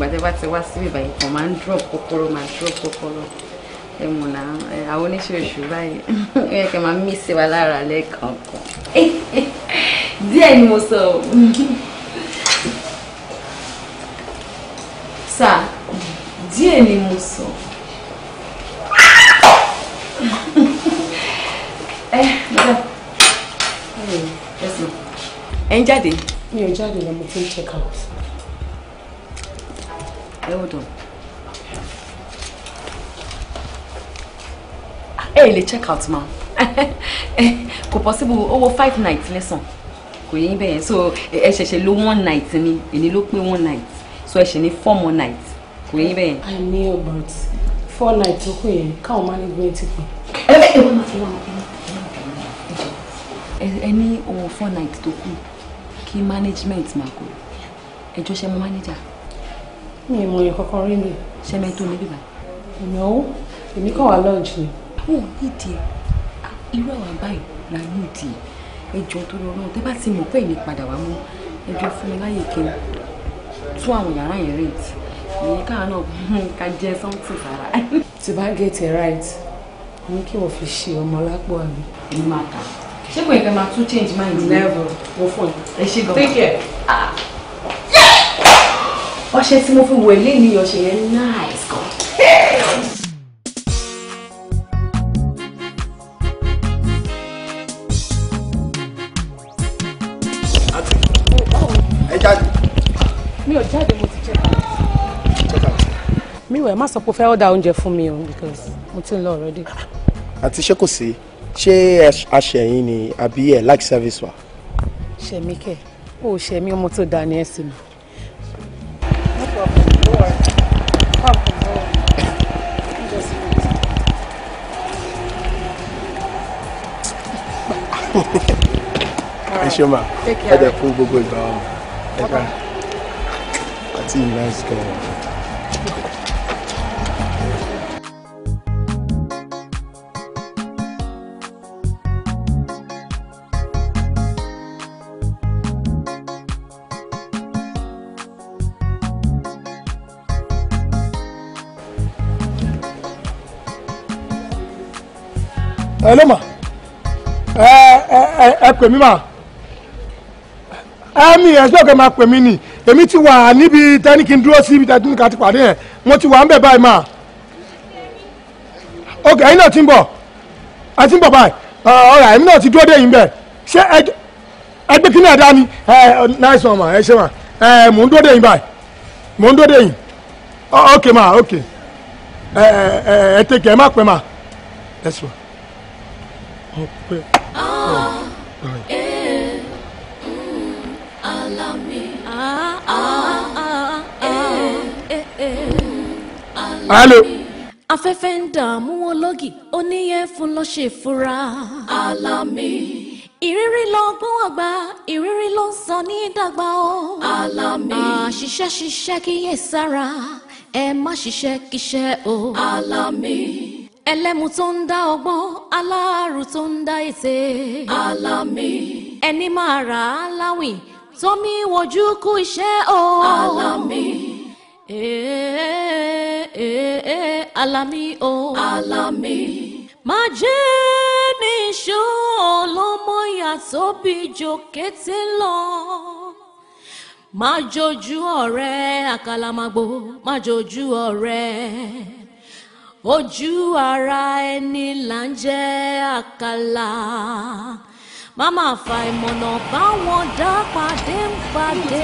ìgbà tẹ́ bá ti wá sí ìbàyí kan máa ń drop kòkòrò máa drop kòkòrò ẹ mọ̀ náà àwọn oníṣòṣù báyìí ó yẹ kẹ́ máa mí sí wa lára lẹ́ẹ̀kọ̀ọ̀kan. díẹ̀ ni mo sọ o. sà díẹ̀ ni mo sọ. ẹ ẹ sùn. ẹ ń jáde. mi ò jáde lọ mo fi ń check out ẹ hold on. ẹ lè check out ma kò possible owó five nights, lẹ́sàn kò yẹ yín bẹ́ẹ̀ so ẹ ṣẹ̀ṣẹ̀ ló one night ni èyí ló pé one night so ẹ ṣẹ̀ ní four more nights. kò yẹ yín i know but four nights tó kù yẹn káwọn máa ní gbé ti pè. ẹ ní owó four nights to kù kí management ma. kó ẹjọ́ ṣe mọ́ manager mi ì mọ̀ èèyàn kankan rí mi. sẹ́mẹ́ tó níbí báyìí. ìnáwó èmi kàn wá lọ́ọ̀jì ni. ó ní ìdí irú àwọn báyìí la ní ìdí ẹjọ́ tó lọ náà tẹ́ bá ti mọ̀ pé èmi padà wá mú ẹjọ́ fún mi láyè kí n tún àwọn yàrá yẹn rèétì ìyẹn káà náà ká jẹ sọ́ǹtì sára. tí bá gẹ̀ẹ́tì right ní kí wọ́n fi ṣe ọmọ lápò àmì. èmi máa kà ṣé kò yẹ kí máa tún change mind level mo fún ẹ. ẹ ṣe gan-an take care. Ah ọṣẹ tí mo fi wẹ̀ lé ní ọṣẹ yẹn nice gan. ẹ jáde. mi ò jáde mo ti jẹ mi wẹ̀ má sọ pé o fẹ́ ọ̀dà oúnjẹ fún mi o because mo ti ń lọ already. àti ṣé kò sí ṣé aṣẹ̀yìn ni àbí ẹ̀ like service wa. ṣèmi kẹ́ o ṣèmi ọmọ tó dáa ní ẹ̀sìn mi. ẹ ṣe ma ẹ dẹ fún gbogbo ìgbà wa ẹ ká àti ìlànà ìsìnkú. Hello ma. pè mí mà ẹ̀mí ẹ̀sìn ọ̀gá máa pè mí nì èmi ti wà níbi tẹ́ni kí n dúró sí ibi tẹ́ni kí ti pàdé yẹn mo ti wà ń bẹ̀ báyìí mà ok ẹ̀yin náà ti ń bọ̀ ẹ ti ń bọ̀ báyìí ọ̀rọ̀ ẹ̀yin náà ti dúró dé yín bẹ̀ ṣé ẹgbẹ́ kí náà dá ni ẹ nice one mà ẹ ṣe mà ẹ mò ń dúró dé yín báyìí mò ń dúró dé yín ok mà ok ẹ ẹ ẹ tẹkẹ ẹ má mà ẹ sọ alo. afẹ́fẹ́ ń dààmú wọn lọ́gì oníyẹ̀fun ló ṣe fura. alami. ìrírí lọ́gbọ́n àgbà ìrírí ló ń sọ ní dàgbà o. alami. àṣìṣe ṣiṣẹ́ kíyè sára ẹ má ṣiṣẹ́ kíṣẹ́ o. alami. ẹlẹ́mu tó ń dá ọgbọ́n aláàrù tó ń dá ète. alami. ẹni máa rà á láwìn tómi wojú kú iṣẹ́ o. alami. Ee ee Alami o. Alami. Má jẹ́ níṣó ọlọ́mọ yàtọ̀ bí jo kété lọ. Má jojú ọ̀rẹ́ àkàlàmàgbò, má jojú ọ̀rẹ́. Ojú ara ẹni là ń jẹ́ àkàlà. Má máa fa ìmọ̀nà báwọn dá pàdé ń pàdé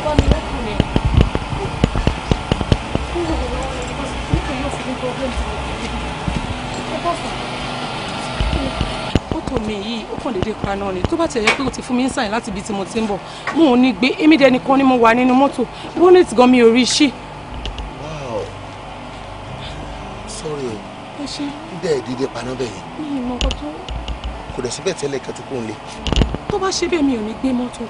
mọ́tò mi yìí ó kàn déédéé paná ni tó bá ti ẹ̀yẹ pé o ti fún mi ń sàn láti ibi tí mo ti ń bọ̀ mo ò ní gbé èmi dẹni ni mo wà nínú mọ́tò bonnet gan mi ò rí ṣí. wow sorry o ẹ ṣe dídẹ dídẹ paná bẹ́ẹ̀ yẹn. mi ì mọ ọkọ tó. kò dẹ̀ síbẹ̀ tẹ́lẹ̀ kẹ́tù kó n lé. tó bá ṣe bẹ́ẹ̀ mi ò ní gbé mọ́tò.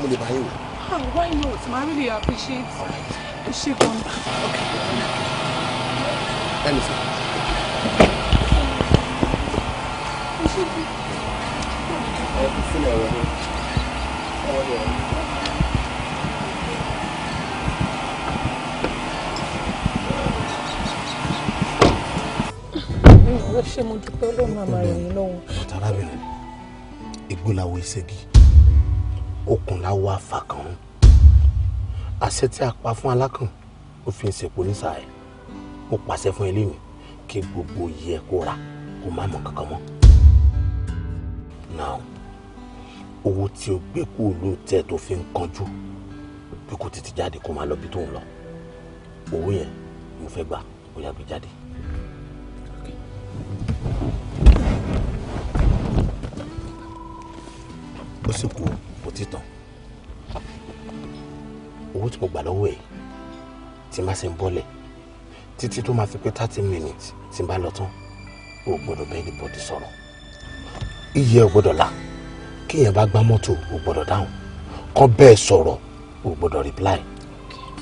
mo lè bá yín wò. Ah, why not ma really appreciate o ṣe gan. ẹnì sọ. ẹ fi sílẹ̀ wọlé ọ̀rọ̀ ọ̀rọ̀. ṣe mo dúpẹ́ ọlọ́run àmàlẹ́ yìí lọ́wọ́. bàtà arábìnrin ègbó ìṣègì okùn láwọ àfàkàn àṣẹ tí a pa fún alákàn ó fi ń ṣèpò nísàlẹ̀ mo pàṣẹ fún eléyìí kí gbogbo yẹ kó ra kó má mọ kankan mọ́ now owó tí o gbé kú olóòtẹ tó fi ń kanjú bí kò tètè jáde kó máa lọ bí tó ń lọ owó yẹn mo fẹ́ gbà ó yàgbé jáde. ó sì kú o kò tí tán owó tí mo gbà lọ́wọ́ ẹ̀ tí má ṣe ń bọ́lẹ̀ títí tó máa fi pé thirty minutes tí n bá lọ tán o gbọ́dọ̀ bẹ́ẹ̀ ní bọ́dí sọ̀rọ̀ iyì ẹ̀ gbọ́dọ̀ la kéèyàn bá gbá mọ́tò o gbọ́dọ̀ dáhùn kọ́ bẹ́ẹ̀ sọ̀rọ̀ o gbọ́dọ̀ reply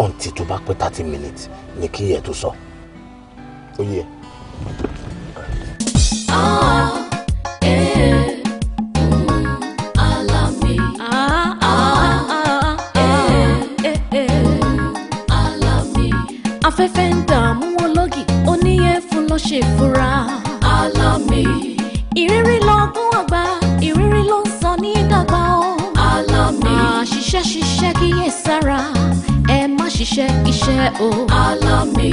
until tó bá pé thirty minutes ni kéèyàn ẹ̀ tó sọ ó yẹ. ah eh. afẹ́fẹ́ ń dààmú wọn lọ́gì oníyẹn fún lọ́ ṣe fura. alámì. ìrírí lọ́gùn àgbà ìrírí ló ń sọ ní dàgbà o. alámì. àṣìṣe ṣiṣẹ́ kíyè sára ẹ má ṣiṣẹ́ iṣẹ́ o. alámì.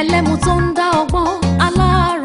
ẹlẹ́mu tó ń dá ọgbọ́n aláàrẹ̀.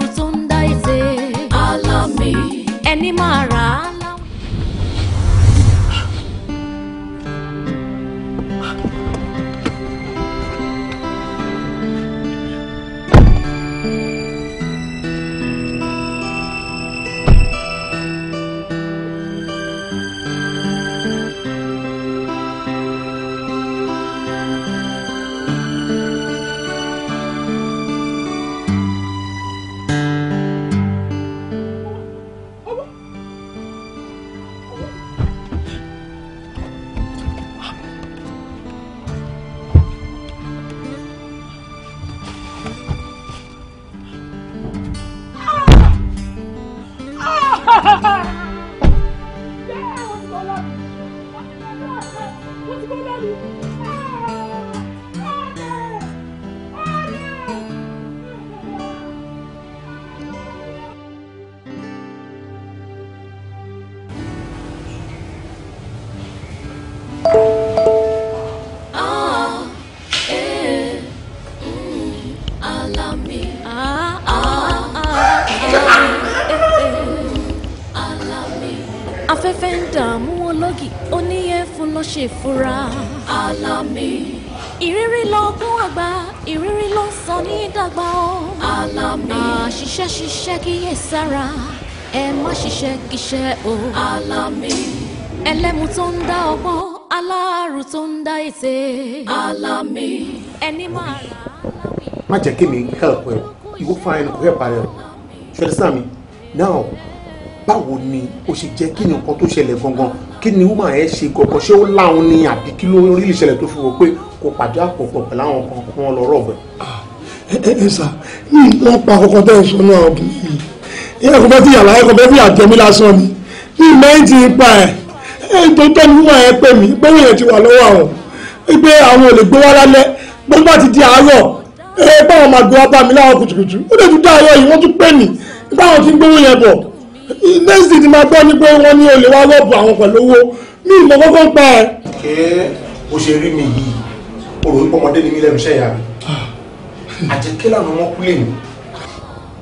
ṣe fura. Àlàmì. Ìrírí lọ́gbọ́n àgbà, ìrírí ló ń sọ ní dàgbà o. Àlàmì. Àṣìṣe ṣiṣẹ́ kíyè sára, ẹ má ṣiṣẹ́ kíṣẹ́ o. Àlàmì. Ẹlẹ́mu tó ń dá ọgbọ́n, aláàrù tó ń dá ète. Àlàmì. Ẹni máa rà á Má jẹ́ kí mi kẹ́lọ̀pẹ́ o, ìwọ fún ara kò fẹ́ parẹ́ o. Ṣọlá náà báwo ni o ṣe jẹ́ kí ni nǹkan tó ṣẹlẹ̀ gangan kí ni woman yẹn ṣe gọ̀gọ̀ ṣé ó láwọn ni àbí kí ló rí ìṣẹ̀lẹ̀ tó fi wò pé kò pàdé àpòpọ̀ pẹ̀lú àwọn kan kí wọ́n lọ rọ̀gbẹ̀. Ah, ẹ ẹ sà ní lápá àkọ́kọ́ tẹ́ ẹ sọ náà ọdún yìí ẹ kò bẹ́ fi yàrá ẹ kò bẹ́ fi àjẹmí lásán ni ní mẹ́ǹtì ipa ẹ ẹ tó tọ́ ni woman yẹn pè mí pé wọ́n yẹn ti wà lọ́wọ́ àwọn pé àwọn ò gbé wá lálẹ́ gbọ́dọ̀ ti di àárọ̀ ẹ báwọn máa gbé wá bá mi láwọn kùtùkùtù ó lè tún dá next day ni máa gbọ́ ni pé wọ́n ní olè wá rọ́ọ̀bù àwọn pẹ̀lú owó mi ìmọ̀ kọ́kọ́ ń pa ẹ̀. ṣé o ṣe rí mi yìí o rò wípé ọmọdé ni mí lẹ́nu iṣẹ́ ìyá mi ah. àti kí lànà wọn kú lè mí.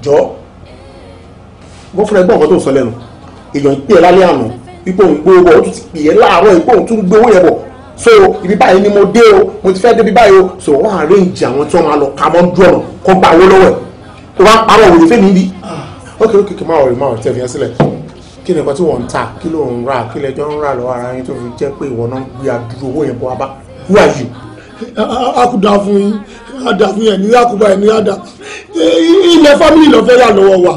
jọ bó fúnra ẹgbẹ́ ọ̀kan tó sọ lẹ́nu èèyàn ń pè é lálẹ́ àná ipò ń gbowó bọ̀ ó ti pè é láàárọ̀ ipò ń tún gbowó yẹn bọ̀ so ibi báyìí ni mo dé o mo ti fẹ́ débi báyìí o so wọ́n arrange àwọn tí wọ́n máa lọ kà mọ́ dúró ọ̀nà kó gbà owó lọ́wọ́ ẹ̀ tó bá parọ́ òwòrán fẹ́mi bíi ah okay okay kí n máa wọ̀rì máa wọ̀rì tẹ̀ fi yẹn sílẹ̀ kí ni nǹkan tí wọ́n ń ta kí ló ń ra kí lẹjọ́ ń rà lọ́wọ́ ara yín tó fi jẹ́ pé ìwọ náà ń gbé adúrú owó yẹn bọ́ abá who are you. akuda fún yín ada fún yẹn ní akuba yẹn ní ada ilẹ̀ fámìlì lọ́fẹ́ yà lọ́wọ́ wa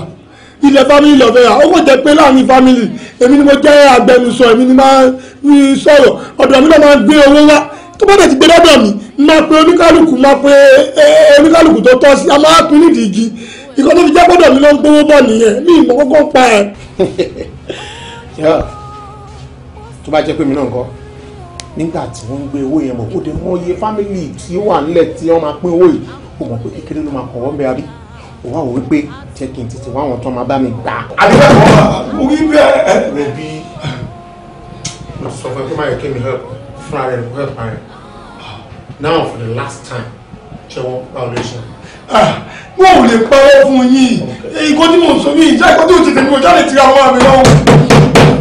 ilẹ̀ fámìlì lọ́fẹ́ yà ó kò jẹ́ pé láàrin fámìlì èmi ni mo jẹ́ agbẹnusọ èmi ni máa ń sọ̀rọ̀ ọ̀dọ̀ mi náà máa ń gbé owó wá tó bá dẹ̀ ti gbé lọ́dọ̀ mi máa pe oníkálukú máa pe e, oníkálukú ìkọ́ tó fi jẹ́ gbọ́dọ̀ mi ló ń gbowó bọ̀ nìyẹn mi ìmọ̀ kọ́kọ́ pa ẹ̀. tó bá jẹ́ pé mi náà ń kọ́ nígbà tí wọ́n ń gbé owó yẹn mọ̀ ó dé mọ iye fámìlì tí ó wà nílẹ̀ tí wọ́n máa pín owó yìí ó mọ̀ pé kékeré ló máa kọ̀ wọ́n bẹ́ẹ̀ àbí ó wá wò wípé jẹ́ kí n tètè wá àwọn tó máa bá mi gbà. àdìgbà tó wà orí bẹ́ẹ̀ ẹ̀ ló bí sọ fún ẹ kó má yẹ kí mi help fúnra rẹ̀ ló help ara rẹ̀ now for the last time ṣé wọ́n bá ọ lè ṣe. Ah, wọn ò lè parọ́ fún yín ìkó tí mò ń sọ yín ìjà ìkó tí ò ti tẹ̀lé ọjà lè tira wọn àmì lọ́wọ́.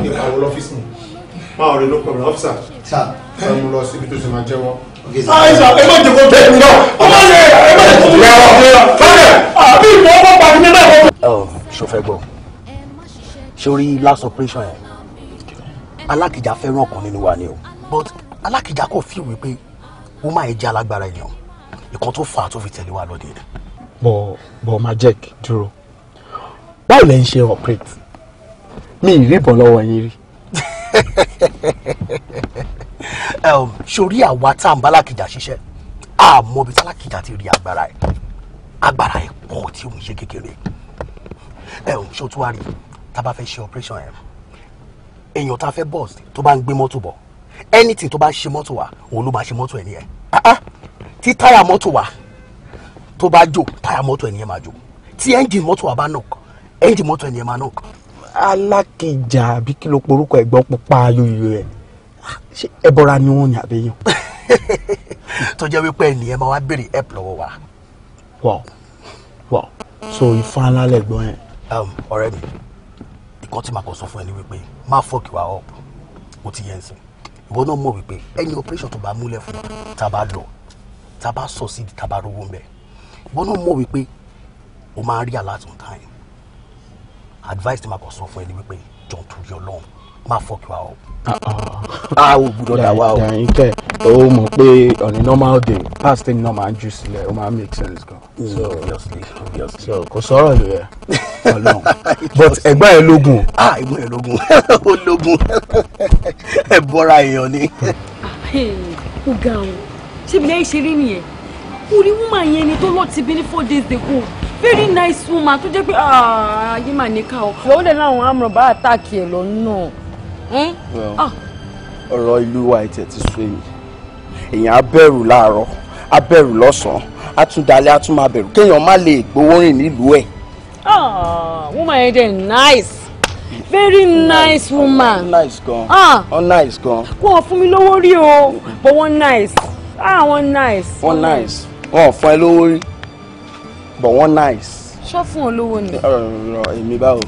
ìpàwọ̀ lọ́fíìsì mi máa rẹ̀ ló pẹ̀lú ọ́fíìsà sà mo lọ síbi tó ti máa jẹ́wọ́. àìsà ẹ má jẹ́ kó bẹ́ẹ̀ mi lọ ọmọ yẹn ẹ má jẹ́ kó bẹ́ẹ̀ mi lọ fẹ́rẹ̀ àbí ìmọ̀ ọmọ pàdé mi náà. ọ ṣòfẹ́ gbọ́ sórí last operation yẹn alákìjà fẹ́ràn ọkàn nínú wa ni o but alákìjà kò fi wípé ó máa jẹ́ alágbára ènìyàn nǹkan tó fà á tó fi tẹ̀lé wa lọ́dẹ ni. bọ bọ majek dúró báwo lẹ ń ṣe operate mi ì rí ìbọn lọ́wọ́ yín rí. sórí àwa tá à ń bá lákìjà ṣiṣẹ́ àmọ́ ibi tí lákìjà ti rí agbára ẹ̀ agbára ẹ̀ pọ̀ tí òun ṣe kékeré ẹ̀ tún wá rí tá a bá fẹ́ ṣe operation yẹn èèyàn tá a fẹ́ bọ́ọ̀sì tó bá ń gbé mọ́tò bọ̀ anything tó bá ṣe mọ́tò wa òun ló máa ṣe mọ́tò ẹ̀ nìyẹn tí táyà mọ́tò wa tó bá jò táyà mọ́tò ẹni yẹn máa jò tí ẹ́ńjìn mọ́tò wa bá knock ẹ́ńjìn mọ́tò ẹni yẹn máa knock. alákìjà àbí kí ló porúkọ ẹ̀gbọ́n pupa ayòyò rẹ̀ ah, ṣé ẹbọra ni wọ́n ní àbẹ̀yàn. tó jẹ́ wípé ẹni yẹn máa wá béèrè help lọ́wọ́ wa. wow wow so ifá ńlá lẹ̀gbọ́n yẹn. Um, ọ̀rẹ́ mi nǹkan tí màá kọ sọ fún ẹ ni wípé má fọ́ọ̀kì wa up ó ti yẹn sìn ìwọ náà mọ̀ wípé ẹni operation tó bá múlẹ̀ fún tá a bá lọ tá a bá sọ sí tá a bá rówó mbẹ ìwọ náà mọ̀ wípé o máa rí alert on time advice tí ma kọ sọ fún ẹ ni wípé jọ̀ọ́ torí Ọlọ́run máa fọ́ kí wa ọ. a gbúdọ̀ dà wá o. ẹyin kẹ o mọ̀ pé on a normal day past ten náà máa ń jù sílẹ̀ o máa make sense gan. Mm, so obviously obviously. so kò sọ̀rọ̀ ló yẹ Ọlọ́run but ẹgbẹ́ ẹ lógun. ah ẹgbẹ́ ẹ lógun ó lógun ẹ bọ́ra èèyàn ni. ó ga o. She be like, ṣeré nìyẹn mo rí woman yẹn ni tó lọ ti bí ní four days ago very nice woman tó jẹ́ pé ah, ayé mà ní ká o. ìyàwó lè láwọn amúràn bá àtàkì ẹ̀ lọ́nà. ọ̀rọ̀ ìlú wa ẹ̀tẹ̀ ti sún èyí èèyàn á bẹ̀rù láàárọ̀ á bẹ̀rù lọ́sàn-án á tún dalẹ̀ á tún máa bẹ̀rù kéèyàn má lè gbowó rìn ah, woman yẹn dẹ̀ nice very nice woman. Ah. wọ́n nice gan. wọ́n nice gan. wọ́n fún mi lówó rí o but one nice ah wọ́n nice. wọ́n nice wọ́n ò fún ẹ lówó rí but wọ́n nice. ṣọ́ fún olówó ni. èmi báwo.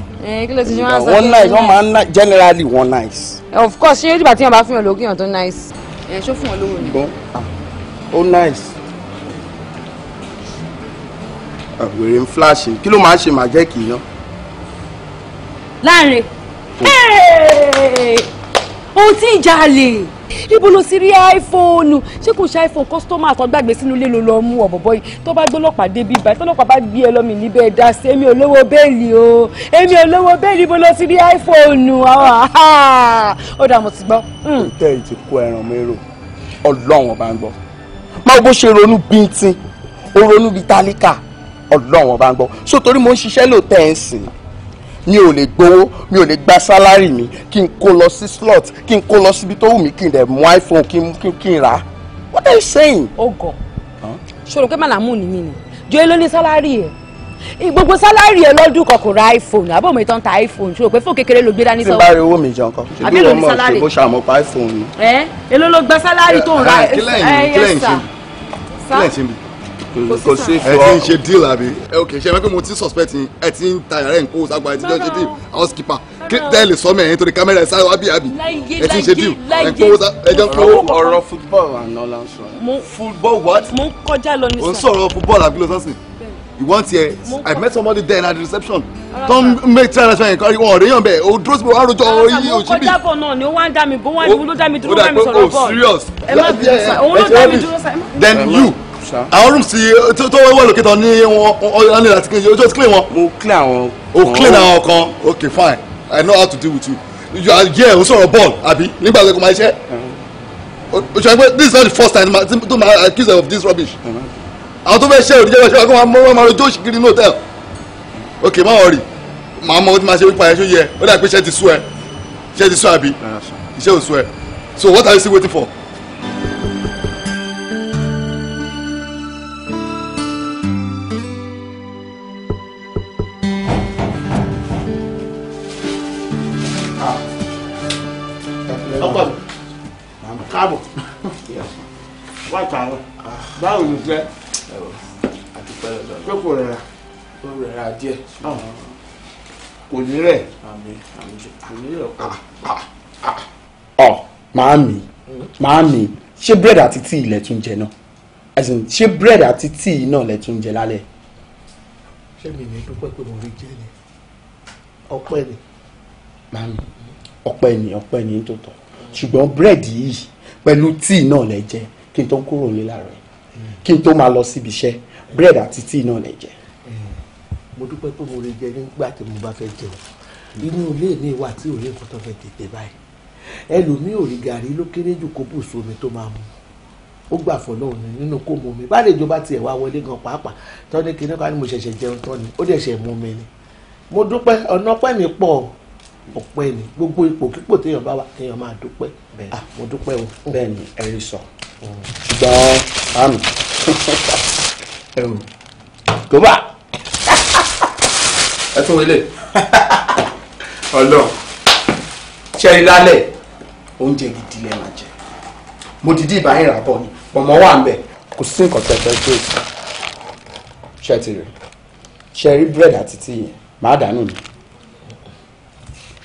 kí ló ti ṣe máa sọ pé wọ́n nice wọ́n máa ń nice generally wọ́n nice. of course ṣé ìdìbà tí wọn bá fún yàn lókè yàn tó nice. ṣọ́ fún olówó ni. bọ́ ah, ó nice. wèrè ń flash kí ló máa ń ṣe màjẹ́kì náà. láàrin ohun tí ìjà lè ibo ló sì rí iphone ṣé kò ṣe iphone customer tó gbàgbé sínú ilé ló lọ mú ọ̀bọ̀bọ̀ yìí tó bá gbọ́lọ́pàá débi báyìí tọ́lọ́pàá bá gbé ẹ lọ́mì níbẹ̀ ẹ dá sí èmi olówó bẹ́ẹ̀lì o èmi olówó bẹ́ẹ̀lì ibo ló sì rí iphone ah, ó dà mo ti gbọ́. Hmm. tẹ́ ẹ ti kó ẹran mérò ọlọ́run ọba ń gbọ́ máa bó ṣe ronú bíntín ó ronú bíi tálíkà ọlọ́run ọba ń gbọ́ sótorí mo ń ṣiṣẹ́ lóòótọ́ ẹ̀ ń sìn mi ò lè gbowó mi ò lè gba sálárì mi kí n kó lọ sí slot kí n kó lọ síbi tó wù mí kí n dẹ̀ mú iphone kí n kí n rà á what are you saying. ó gọ ṣòro pé màlámù ni mí ni jọ́ọ́ ló ní sálárì ẹ̀ gbogbo sálárì ẹ̀ lọ́dún kan kò ra iphone àbọ̀ mi tán ta iphone ṣòro pé fóònù kékeré ló gbé dání sọ́wọ́. tí n bá rí owó mi jọ nǹkan ṣèbí wọn mọ̀ ṣe bó ṣàmùpá iphone ni. ẹ èló ló gba sálárì tó ń ra ẹ ẹ yẹ sà. kílẹ̀ kò sí fún ọ. ẹ ti ń ṣe deal àbí. Eh, ẹ ò kì í ṣe ẹgbẹ́ pé mo ti suspect yín ẹ ti ń ta yàrá ẹ̀ ń kó àgbà ẹ ti jọ ṣe deal housekeeper tẹ́lẹ̀ sọ́mẹ̀ ẹ̀ nítorí kámẹ́rà ẹ̀ sáré wá bí àbí ẹ ti ń ṣe deal ẹ̀ ń kó ẹ jọ ń kó. ọ̀rọ̀ football àná la ń sọ. football what. mo ń kọjá lọ ní sọ. o ń sọ̀rọ̀ football àbí lọ́sọ̀sìn you want here i met somebody there at the reception don make try restaurant nkan wọn ọ̀rẹ́ yàn bẹ́ẹ̀ o dúró síbi wàá rojọ́ orí òṣìbí. serious. then you ṣá. àwọn rooms tí tó wọ́n wọ́n lókè tán ní wọn ọ̀yọ́ nílẹ̀ àti kejì ojú clean wọn. mo clean àwọn. o clean àwọn kan ok fine i know how to deal with you you are here o sọ̀rọ̀ ball Abi, nígbà tó kọ máa ṣe. Uh-huh. o ṣe pé this is not the first time to my accuse of this rubbish. Uh-huh. àwọn tó fẹ́ ṣe òdìjẹ́ wọn ṣe wọn kó wọn máa rojọ́ òṣìkiri ní hòtẹ́ẹ̀lì. ok má wọrí màá mọ ohun tí màá ṣe wípa ẹ ṣó yẹ ó dà pé ṣe ti sú ẹ ṣe ti sú àbí iṣẹ́ ò sú ẹ so what are you still waiting for. báwo ló fẹ́. pé kò rẹra. kò rẹra díẹ̀. kò ní rẹ̀. kò ní rẹ̀ ọ ah, ah, ah. màámi màámi ṣé búrẹ́dì àti tíì ilẹ̀ tún jẹ náà ṣé búrẹ́dì àti tíì náà lẹ̀ tún jẹ lálẹ́. ṣé mi ní dúpẹ́ pé mo rí jẹ́ ni ọpẹ́ ni. màámi ọpẹ́ ni ọpẹ́ ni tó tọ́ ṣùgbọ́n búrẹ́dì yìí pẹ̀lú tíì náà lẹ̀ jẹ kí n tó kúrò nílà rẹ̀ kí n tó máa lọ síbi iṣẹ́ bread àti tíì náà lè jẹ. mo dúpẹ́ pé mo lè jẹ nígbà tí mo bá fẹ́ jẹun inú ilé mi wà tí òye nǹkan tó fẹ́ tètè báyìí ẹlòmíì ò rí gàrí ló kéré jù kó bùsùn omi tó máa mu ó gbà fọlọ́ òní nínú kó mu omi báyìí ìjọba tiẹ̀ wá wọlé gan pàápàá tọ́ni kìíní kan ni mo ṣẹ̀ṣẹ̀ jẹun tán ni ó dẹ̀ ṣẹ̀ mú mi ni mo dúpẹ́ ọ̀nà ọpẹ́ mi pọ̀ ọpẹ́ ni gbogbo ipò kípò téèyàn bá wà kéèyàn máa dúpẹ́ ah mo dúpẹ́ o. bẹ́ẹ̀ni ẹrí sọ ṣùgbọ́n àmì kò bá. ẹ tún wọlé ọlọ ṣẹlẹ lálẹ́ oúnjẹ gidi lẹ máa jẹ mo dìde ìbáyìí rà bọ ni pọmọ wà ń bẹ kò sí nǹkan tẹtẹ tó ṣe ti rẹ ṣe rí búrẹ́dì àti tíì yẹn màá dànù ni.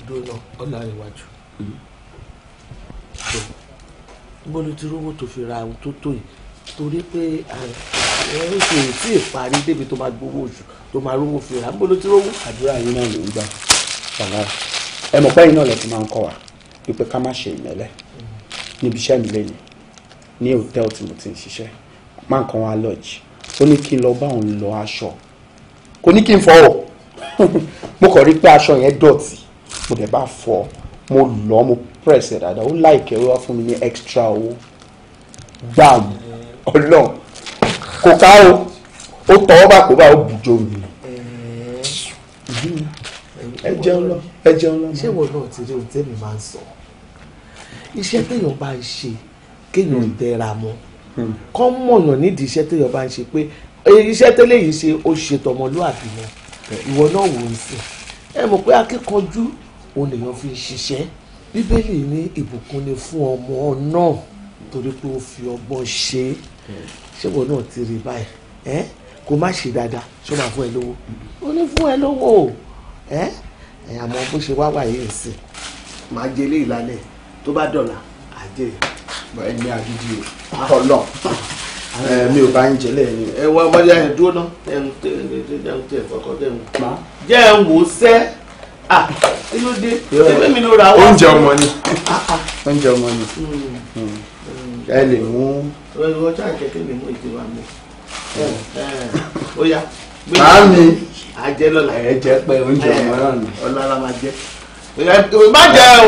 dúró ọ̀nà ìwájú bọ́lú ti rówó tó fi ra ohun tó tó yìí torí pé ẹ̀rọ kò tí ì parí débi tó máa gbowó oṣù tó máa rówó fi rà ń bolo tí rówó. àdúrà yín náà ló ń gbà bàbá ẹ mọ̀ pẹ́yìn náà lẹ́tọ́ máa ń kọ́ wa wípé ká má ṣe ìmẹ́lẹ́ níbi iṣẹ́ mi lẹ́yìn ní hòtẹ́ẹ̀lì tí mo ti ń ṣiṣẹ́ máa ń kan wa lọ́ọ̀jì ó ní kí n lọ bá òun lọ aṣọ kò ní kí n fọ mo kàn rí pé aṣọ yẹn dọ̀tí mo dẹ̀ bá fọ mo lọ mo press dáadáa ó láìkẹ́ wá fún mi ní extra owó gbàgbọ́. Ọlọ́run kò ká o ó tọwọ́ bá kó bá ó bùjọ òní ẹ jẹun lọ ẹ jẹun lọ. ṣé ìwọ náà ti rí ohun tẹ́mi máa ń sọ iṣẹ́ téèyàn bá ń ṣe kéèyàn dẹra mọ́ hmm. kọ́ mọ̀yàn nídìí iṣẹ́ téèyàn bá ń ṣe pé iṣẹ́ tẹ́lẹ̀ yìí ṣe ó ṣe tọmọlúàbí mọ́ ìwọ náà wò ó sìn ẹ mọ̀ pé akíkanjú òun lèèyàn fi ń ṣiṣẹ́ bíbélì ní ìbùkún ni fún ọmọ náà torí pé ó fi ọgbọ́n ṣe é ṣé wo náà ti rí báyìí ẹ kó má ṣe dáadáa ṣó máa fún ẹ lówó ó ní fún ẹ lówó o ẹ ẹ àmọ́ bó ṣe wá wà yìí sí. màá jẹ ilé ìlàlẹ tó bá dọ̀là àjẹ e. ẹni àgídí o kọlọ mi ò bá ń jẹ lẹ́yìn ẹ wá ọmọdé ayẹ dúró náà ẹ ń tẹ ẹ ń tẹ kọkọ tẹ ń pa jẹ ẹ wò sẹ ah kí ló dé ṣé bẹ́ẹ̀ mi ló ra wá. oúnjẹ ọmọ ni ah, ah. oúnjẹ ọmọ ni. Hmm. Hmm. ẹ lè mú. ọlọ́run ọjọ́ àkẹ́kẹ́ lè mú ìdíwà mi. ó yá. máa mi ajẹ́ lọ́la. ẹ jẹ́ pé oúnjẹ ni. ọlọ́la máa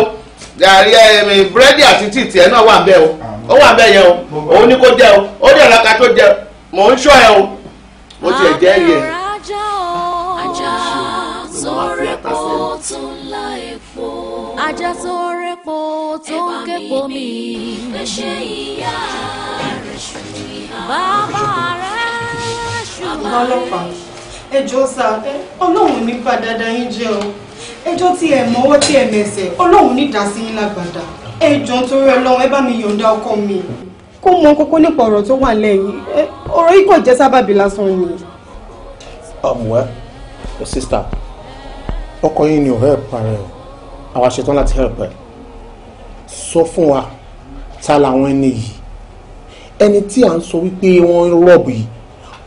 o ẹ̀mí búrẹ́dì àti tíì tiẹ̀ náà wà bẹ́ẹ̀ o ó wà bẹ́ẹ̀ yẹn o òun o o mo jẹ́ yẹ. ajá tún la kẹ́po tó ń kẹ́po mi. ẹ̀ṣẹ̀ ìyá rẹ̀ ṣù ìhà. bàbá rẹ̀ ṣù. àwọn ọlọ́pàá ẹjọ́ sá ọlọ́run ní bá dáadáa yín jẹ́ o ẹjọ́ tí ẹ mọ́wọ́ tí ẹ mẹsẹ̀ ọlọ́run ní ìdásí yín lágbàdá ẹjọ́ torí ọlọ́run ẹ bá mi yọ̀ǹda ọkọ mi kó mọ kókó nípa ọ̀rọ̀ tó wà lẹ́yìn ọ̀rọ̀ yìí kò jẹ́ sábàbí lásán ni. ọmọwẹ sista ọkọ yín ni ò hẹ́ẹ̀ parẹ́ àwa ṣetán láti hẹ́ẹ̀ pẹ̀lú sọ fún wa ta làwọn ẹni yìí ẹni tí à ń sọ wípé wọ́n rọ̀bù yìí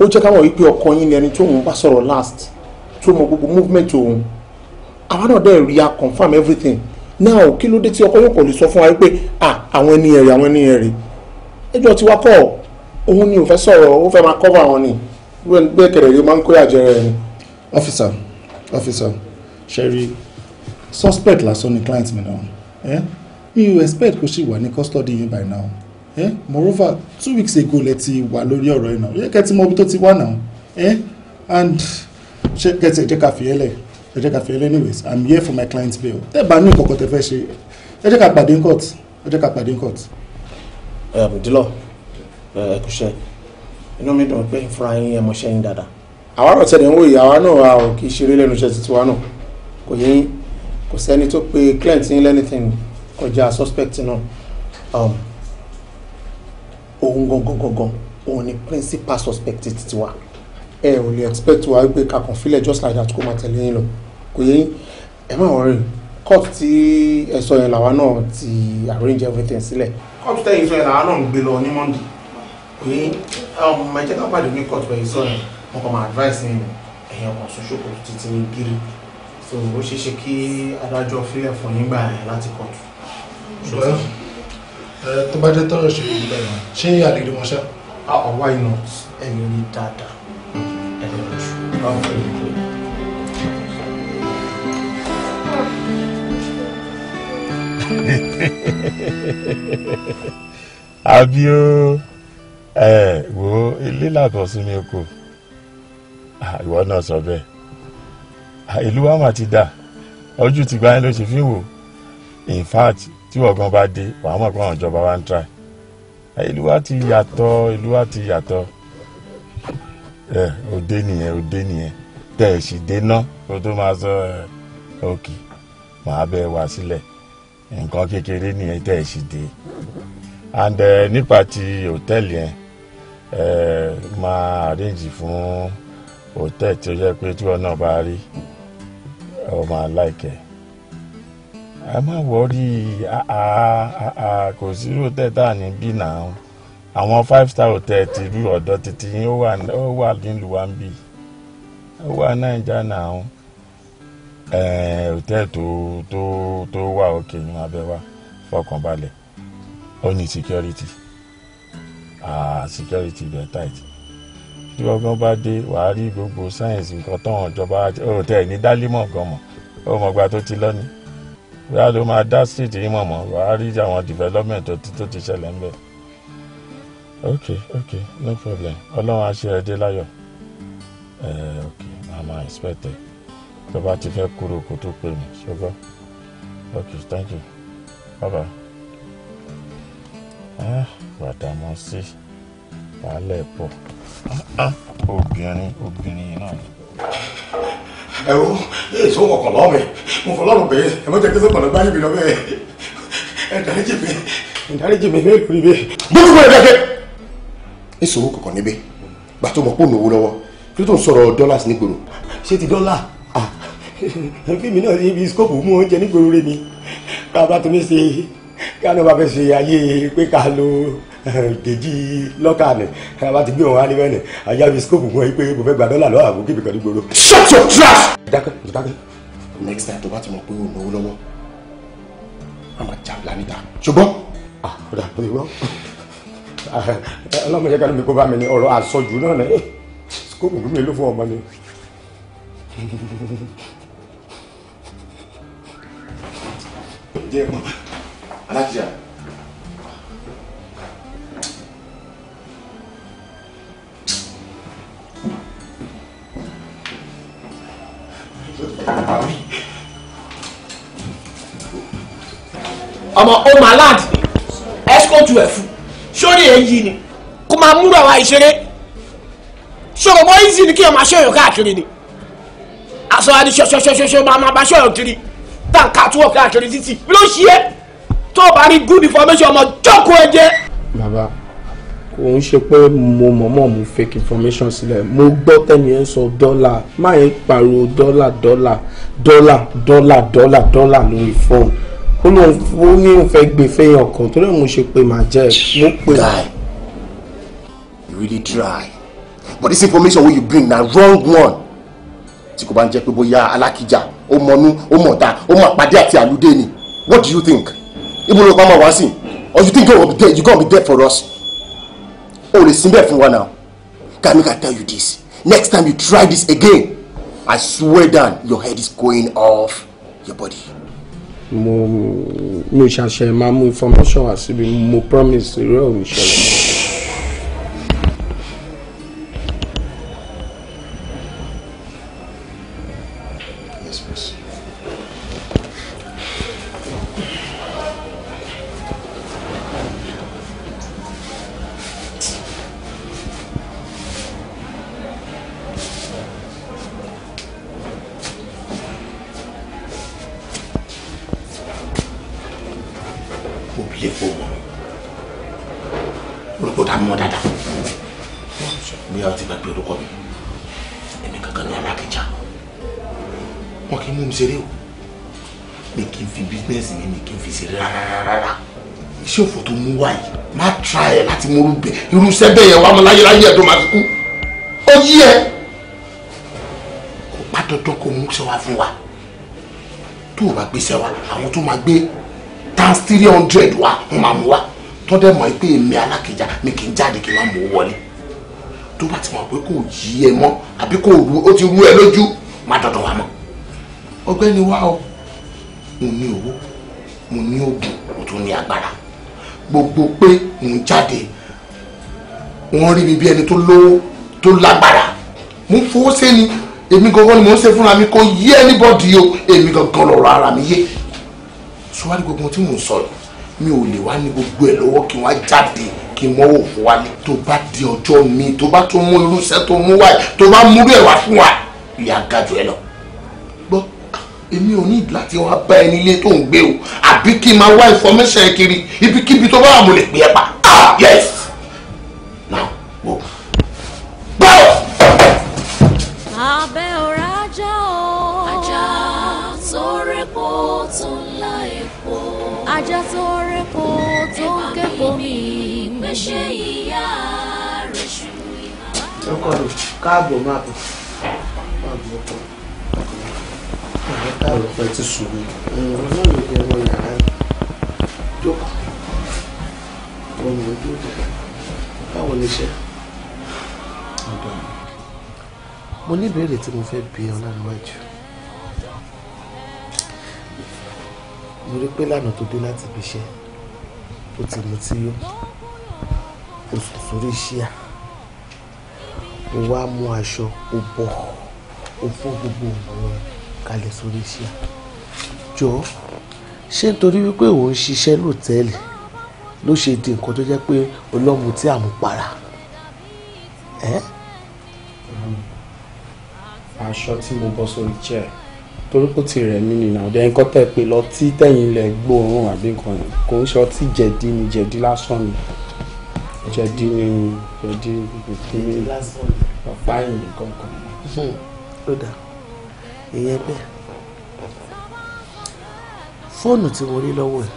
ó jẹ́ káwọn wípé ọkọ yín ni ẹni tó ń bá sọ̀rọ̀ last tó mọ gbogbo movement òun àwọn náà dẹ̀ rí a confirm everything now kí ló dé tí ọkọ yóò kọ̀ lè sọ fún wa wípé ah àwọn ẹni ẹ̀rì àwọn ẹni ẹ̀rì ẹjọ́ tiwa kọ́ òun ni ò fẹ́ sọ̀rọ̀ ó fẹ́ máa cover àwọn ni bẹ́ẹ̀ kẹ̀rẹ̀ yóò máa ń kó àjẹrẹ ẹ̀ ni. officer officer sherry suspect lásán ni client mi náà. Eh? You expect kó ṣì wà ní custody yín by now eh? moreover two weeks ago lẹ ti wà lórí ọ̀rọ̀ yìí náà yẹ kẹ́ ti mọ ibi tó ti wà náà eh? and ṣe kẹ́tì ẹ jẹ́ ká fi ẹ́ lẹ̀ ká fi ẹ́ lẹ̀ anyways i'm here for my client bill tẹ́ bá ní ìkọ̀kọ̀ tẹ́ fẹ́ ṣe ẹ jẹ́ ká pàdé in court ẹ jẹ́ ká pàdé in court. Eh, dílọ eh, ẹ kò ṣe inú mi dùn pé fúnra yín ẹ mọṣẹ́ yín dáadáa. àwa náà tẹ̀lé ń wòye àwa náà a ò kì í ṣeré lẹ́nu iṣẹ́ tuntun wa náà kò yín kò sẹ́ni tó pe client yín lẹ́nìtìn kọjá suspect náà um, òun gangan gangan òun ni principal suspect ti wa ẹ ò lè expect wa wípé kakàn fílẹ̀ just like that kó máa tẹ̀lé yín lọ kò yẹ yín ẹ má worry court tí ẹ sọ yẹn làwa náà ti arrange everything sílẹ̀. court tẹ̀yìn sọ yẹn làwa náà ń gbé lọ ní monday kò yẹ yín ọmọ um, ẹ̀jẹ̀ ká pàdé ní court bẹ̀yìn sọ yẹn mo kàn máa advice yín ẹ̀yìn ọkàn ṣoṣo kò títí ní gírí so ó ṣeé ṣe kí adájọ́ fílẹ̀ fún yín gbà yẹn láti court ṣùgbọ́n tó bá jẹ́ tọ́rọ̀ ṣe ìgbà ìwà ṣé àlèrè wọn ṣá. ọ̀wá iná ẹ̀yìn ní dáadáa ẹ̀yìn oṣù. àbí ó ẹ wo ilé làkọsími oko ìwọ náà sọ bẹ́ẹ̀ ìlú wa mà ti dà ojú tìgbà yẹn ló ṣe fi wò in fact tí wọ́n gan bá dé wàá mọ̀ pé àwọn ìjọba wa ń try ìlú wa ti yàtọ̀ ìlú wa ti yàtọ̀ ẹ òde nìyẹn òde nìyẹn tẹ ẹ sì dé ná kó tó máa sọ ẹ òkè màá bẹ wá sílẹ̀ nǹkan kékeré nìyẹn tẹ ẹ sì dé and nípa ti hòtẹ́ẹ̀lì yẹn ẹ máa arrange fún hòtẹ́ẹ̀lì tó yẹ pé tí wọn náà bá rí ọ máa like ẹ ẹ má wọrí kò sí hotel tá à ní bí náà àwọn five star hotel ti rú ọ̀dọ̀ títí yín ó wà nílùú wa ń bì ó wà náìjà náà hotel tó tó tó wà òkè ní abẹ́ wa fọkànbalẹ̀ ó ní security ah security bẹ̀ tight tí ọgbọ́n bá dé wàá rí gbogbo sáyẹ̀nsì nǹkan tán ìjọba hotel ní dálímọ̀ gan mọ̀ ó mọ̀gbà tó ti lọ́ni wíwá ló máa dá street yìí mọ̀mọ́ wàá rí àwọn development tó ti ṣẹlẹ̀ ń bẹ̀. ok ok no problem ọlọ́run á ṣe ẹ dé láyọ̀ ẹ ok màmá expect ẹ tó bá ti fẹ́ kúrò kó tó pè mí ṣọgbọ́ ok thank you bye bye. ah gbàdámọ́ sí wàhálà ẹ̀ pọ̀ ah, ah, obìnrin obìnrin náà ẹ o èso ọkàn lọ́mì mo fọ lọ́rùn pé ẹ mọ́ jẹ́ kí sọ́kàn lọ́gbá yìí mi lọ́wọ́ ẹ ẹ dáríjì mi ẹ dáríjì mi ní ìlú ibẹ̀. mo tún bọ̀ ẹ dákẹ́. ní sòwò kankan níbẹ̀ gbà tó mọ̀ pé òun ò lọ́wọ́ kí tó ń sọ̀rọ̀ dọ́là sí nígboro. ṣé ti dọ́là fíìmù ah, náà ibi skóòpù mú oúnjẹ nígboro rẹ ni ká bá tó ní ṣe ká ní bá fẹ́ ṣe ayé pé ká lo dèjì lọ́kà ni bá ti gbé wọn alẹ́ bẹ́ẹ̀ ni ajá fi scope fún ẹ pé mo fẹ́ gba dọ́là lọ́wọ́ àbò kébì kan ní gbòòrò. shut your trash. dákẹ́ dákẹ́ next time tó bá ti mọ̀ pé o náwó lọ́wọ́ a máa já bla níta ṣùgbọ́n. àkùdà tó yẹ wọ́n ọlọ́mọdé kan mi kó bá mi ní ọ̀rọ̀ àsọjù náà ni eh, scope fún mi ló fún ọmọ ni. jẹ́ ẹ̀ mọ́ alájíjà. ọmọ ọmọ aláàdì ẹsikọ́tù ẹ̀fù sórí èyí ni kó máa múrò àwa ìṣeré ṣòro bọ́ ìzì ni kí ọmọ aṣọ́yọ̀ káàkiri ni aṣọ àti ṣọṣọṣọṣọ máa máa bá aṣọ́yọ̀ kiri tàǹkà tó wọ̀ káàkiri títì ló ṣe é tó o bá rí good information ọmọ jókòó ẹ jẹ́. bàbá òun ṣe pé mo mọ̀mọ́ mo fake information sílẹ̀ mo gbọ́ tẹ́ni sọ dọ́là máa ń pariwo dọ́là dọ́là dọ́là dọ́là dọ́là dọ́là lórí fóònù ó ní ó ní òun fẹ́ gbé fẹ́yàn kan torí mo ṣe pé màá jẹ́ mo pè. guy you really try but this information wey you bring na wrong one tí kò bá ń jẹ́ pé bóyá alákìjà ó mọnú ó mọ̀ta ó mọ̀ àpàdé àti àlùdé ni what do you think? ibo ló pa máa wá sí or you think you go be there you go be there for us o lè sinbẹ̀ fún wa náà kamika tell you this next time you try this again i swear down your head is going off your body. mo mo ṣàṣẹ máa mú information wá síbi mo promise irú ẹ̀ ò ní ṣẹlẹ̀. kí n fi ṣe rárá rárá iṣẹ́ òfò tó mú wáyé má tra ẹ̀ láti múrú bẹ̀ irúṣẹ́ bẹ́ẹ̀ yẹn wà mọ́ láyé láyé ẹ̀dùn máa fi kú ó yí ẹ kò pa dandan kó mú ṣẹ́wà fún wa tó o bá gbé ṣẹ́wà àwọn tó máa gbé tans three hundred wa wọ́n máa mú wa tó dẹ̀ mọ̀ pé èmi alákejì mi kì í jáde kí n má mú o wọlé tó bá ti mọ̀ pé kò yí ẹ mọ́ àbí kò ru ó ti rú ẹ lójú má dandan wa mọ́ ọgbẹ́ni wa o mo ní owó mo ní oògùn mo tún ní agbára gbogbo pé mo jáde wọ́n rí mi bí ẹni tó lówó tó lágbára mo ń fowó sẹ́ni èmi gangan ni mo ń ṣe fúnra mi kò yé anybody o èmi gangan lọ̀rọ̀ ara mi yé sọ́wádìí gbogbo tí mò ń sọ̀rọ̀ mi ò lè wá ní gbogbo ẹ̀ lọ́wọ́ kí wọ́n á jáde kí n mọ́wọ́ fún wa ní. tó bá di ọjọ́ mi tó bá tún mú irúṣẹ́ tó mú wáyé tó bá múlò ẹ̀ wá fún wa ìyá gajù ẹ lọ èmi ò ní láti wá bá ẹni ilé tó ń gbé o àbí kí n máa wá information kiri ibikíbi tó bá wà mo lè pè é pa ah yes now go báwo. abẹ́ ọ̀rá ajá o ajá tó rẹ́pọ̀ tó ń la epo ajá tó rẹ́pọ̀ tó ń kẹ́kọ̀ọ́ mi ìgbésẹ̀ ìyá rẹ̀ ṣùgbọ́n. ẹ kọ́ ló káàbọ̀ máa bọ̀ máa bọ̀ ọkọ̀ ọ̀pẹ mo ní ìbéèrè tí mo fẹ́ bi ọlọ́runwájú. mo rí pé lánàá tó dé láti ibi iṣẹ́ ó ti mu tí ó sùn sórí iṣẹ́ à ó wá mú aṣọ ó bọ̀ ó fún gbogbo kalẹ̀ sórí iṣẹ́ jọ ṣé nítorí wípé òun ń ṣiṣẹ́ lòtẹ́ẹ̀lì ló ṣe di nǹkan tó jẹ́ pé ọlọ́mu tí a mú para ẹ́. aṣọ tí mo bọ́ sórí chair torí kò tí rẹ̀ mí nìyà ọ̀dẹ̀ nǹkan tẹ̀ pé lọ tí tẹ̀yìn lẹ̀ gbóòórùn àbí nǹkan yẹn kò ń ṣe ọtí jẹ̀dí ni jẹ̀dí lásán ni jẹ̀dí ni jẹ̀dí kìíní ọ̀pá ìyìn kankan. Hmm, ó dáa ìyẹn bẹ́ẹ̀ fóònù tí mo rí lọ́wọ́ ẹ̀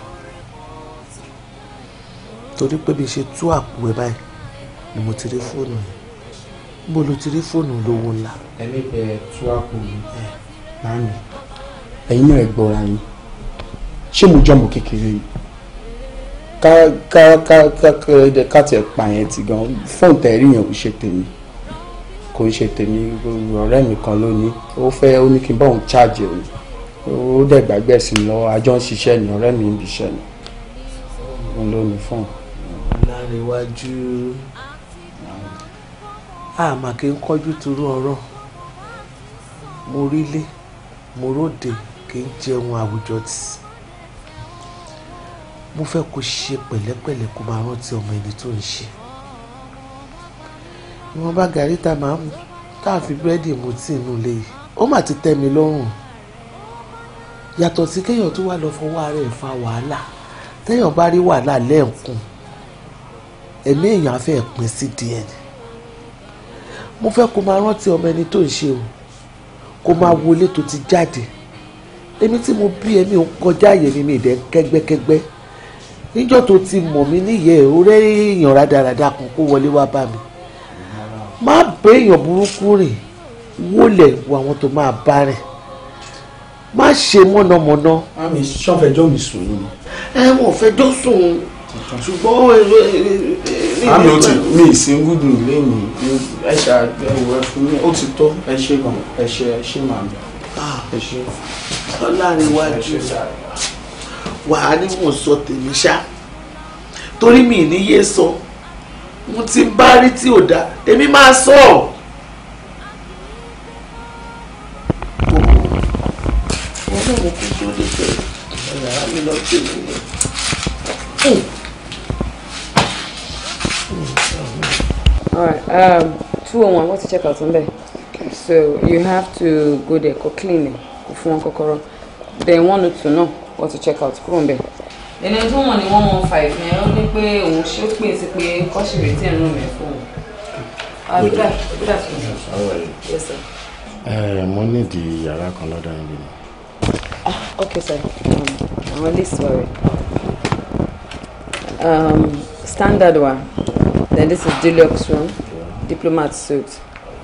torí pé bí ṣe tú àpò ẹ̀ báyìí ni mo ti rí fóònù yẹn bó ló ti rí fóònù lówó ńlá. ẹni bẹ tú àpò mi láàmì ẹ̀yin náà ẹ gbọ́ra yín ṣé mo jọmọ kékeré yìí ká ká ká ká ká tiẹ̀ pààyàn ti gan fóònù tẹ̀rí yẹn kò ṣe tèmi kò ń ṣe tèmi ọ̀rẹ́ mi kan lónìí ó fẹ́ ó ní kí n bá òun charge òun ó dẹ̀ gbàgbé ẹ̀sìn lọ àjọ ń ṣiṣẹ́ ni ọ̀rẹ́ mi ń bìṣẹ́ ni òun lónìí fún un. láríwájú àmà kí n kọjú turú ọ̀rọ̀ mo rílé mo róde kí n jẹun àwùjọ tì mo fẹ́ kó ṣe pẹ̀lẹ́pẹ̀lẹ́ kó máa rántí ọmọ ẹni tó ń ṣe ìwọ̀n bá gàrí ta máa mú tá a fi búrẹ́dì mu tí inú lè ó mà ti tẹ́ mi lọ́rùn yàtọ̀ sí kéèyàn tó wà lọ fọwọ́ ara ẹ̀ fa wàhálà téèyàn bá rí wàhálà lẹ́ẹ̀kún ẹ̀mí èèyàn á fẹ́ pín sí díẹ̀ ni mo fẹ́ kó máa rántí ọmọ ẹni tó ń ṣe o kó máa wọlé tó ti jáde èmi tí mo bí ẹ̀mí ò kọjá àyè mi mi ìdẹ́ kẹ́gbẹ́kẹ́gbẹ́ níjọ́ tó ti mọ̀ mí níyẹn ò èèyàn rádaràda kan kó wọlé wá bá mi má béèyàn burúkú rìn wólẹ̀ wo àwọn tó máa bá rìn má ṣe mọ̀nàmọ́ná. àmì sọ́fẹ̀jọ́ mi sùn yìí. ẹ wọ́n fẹjọ́ sùn ṣùgbọ́n àmì ó ti mi ìsíngúdù lẹ́yìn ẹ̀ṣà ẹ̀wọ̀ ẹ̀fún mi ó ti tọ́ ẹ̀ṣẹ̀ gan ẹ̀ṣẹ̀ ẹ̀ṣẹ̀ màá mi. ẹ̀ṣẹ̀ ọ̀làríwájú wàá ní mò ń sọ tèmi ṣá torí mi ní yé sọ. So mo ti ń bá rí tí ò dá èmi máa sọ ọ. wọn náà mo kú tó Alright, um, 201, what's the checkout on there? Okay. So you have to go there, go clean it, go for one kokoro. Then one or oh two. no, what's the checkout? Go on there ẹni tó wọ̀n ní one one five yẹn ó ní pé òun ṣe ó pè sí pé kọ́ṣì rẹ̀ tí ẹ̀ ń rún mi fún un. Ah, eh, mo nídi yàrá kan lọ́dọ̀ yín bí mi. Ah, ok sir um, àwọn list wa Um, standard wa then this is deluxe room diplomat suit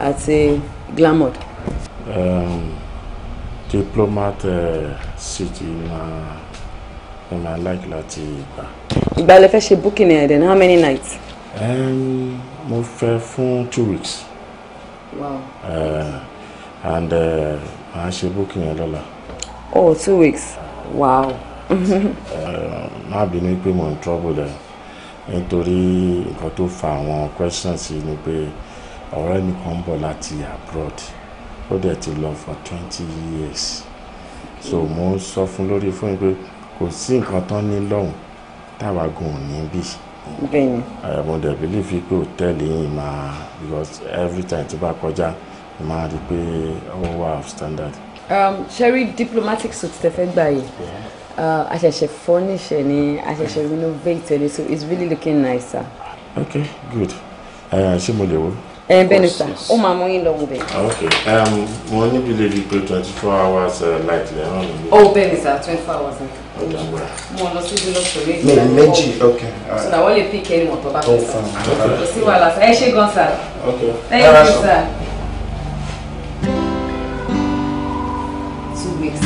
àti glamour. Um, diplomat uh, eh, city na. Uh, mo máa like láti gbà. ìgbà lè fẹ́ ṣe booking ẹ̀ then how many nights. Um, mo fẹ́ fún two weeks. wow. Uh, and eh, màá ṣe booking yẹn lọ́la. oh two weeks wow. Eh, má bínú pé mo ń trouble ẹ̀ nítorí nǹkan tó fa àwọn questions yìí ni pé ọ̀rẹ́ mi kan ń bọ̀ láti abroad ó dẹ̀ ti lọ for twenty years so mo ń sọ fún lórí fún mi pé kò sí nǹkan tán ní lọ́hùn táwa gan ò ní bí. bẹ́ẹ̀ni. mo dẹ̀ bílífì pé òtẹ́ẹ̀lì yìí máa because every time tó bá kọjá mo máa rí i pé ó wà of standard. Um, sherry diplomatic suit tẹ fẹ́ gbà yìí uh, a ṣẹ̀ṣẹ̀ furnish ẹ̀ ni a ṣẹ̀ṣẹ̀ renovate ẹ̀ ni so it's really looking nicer. Sir. okay good ṣé mo lè wo ẹ bẹ́ẹ̀ ni sà ó máa mú yín lọ́wọ́ bẹ́ẹ̀. ok wọ́n um, níbi lè rí i pé twenty four hours uh, light lè ràn mí. ó oh, bẹ́ẹ̀ sà twenty four hours mi méjì ok. sọ̀rọ̀ àwọn lè pick ẹni mọ̀tọ́ bá Okay. sọ kò sí wàhálà sọ ẹ ṣe gan Okay. ẹ ṣe sà. two weeks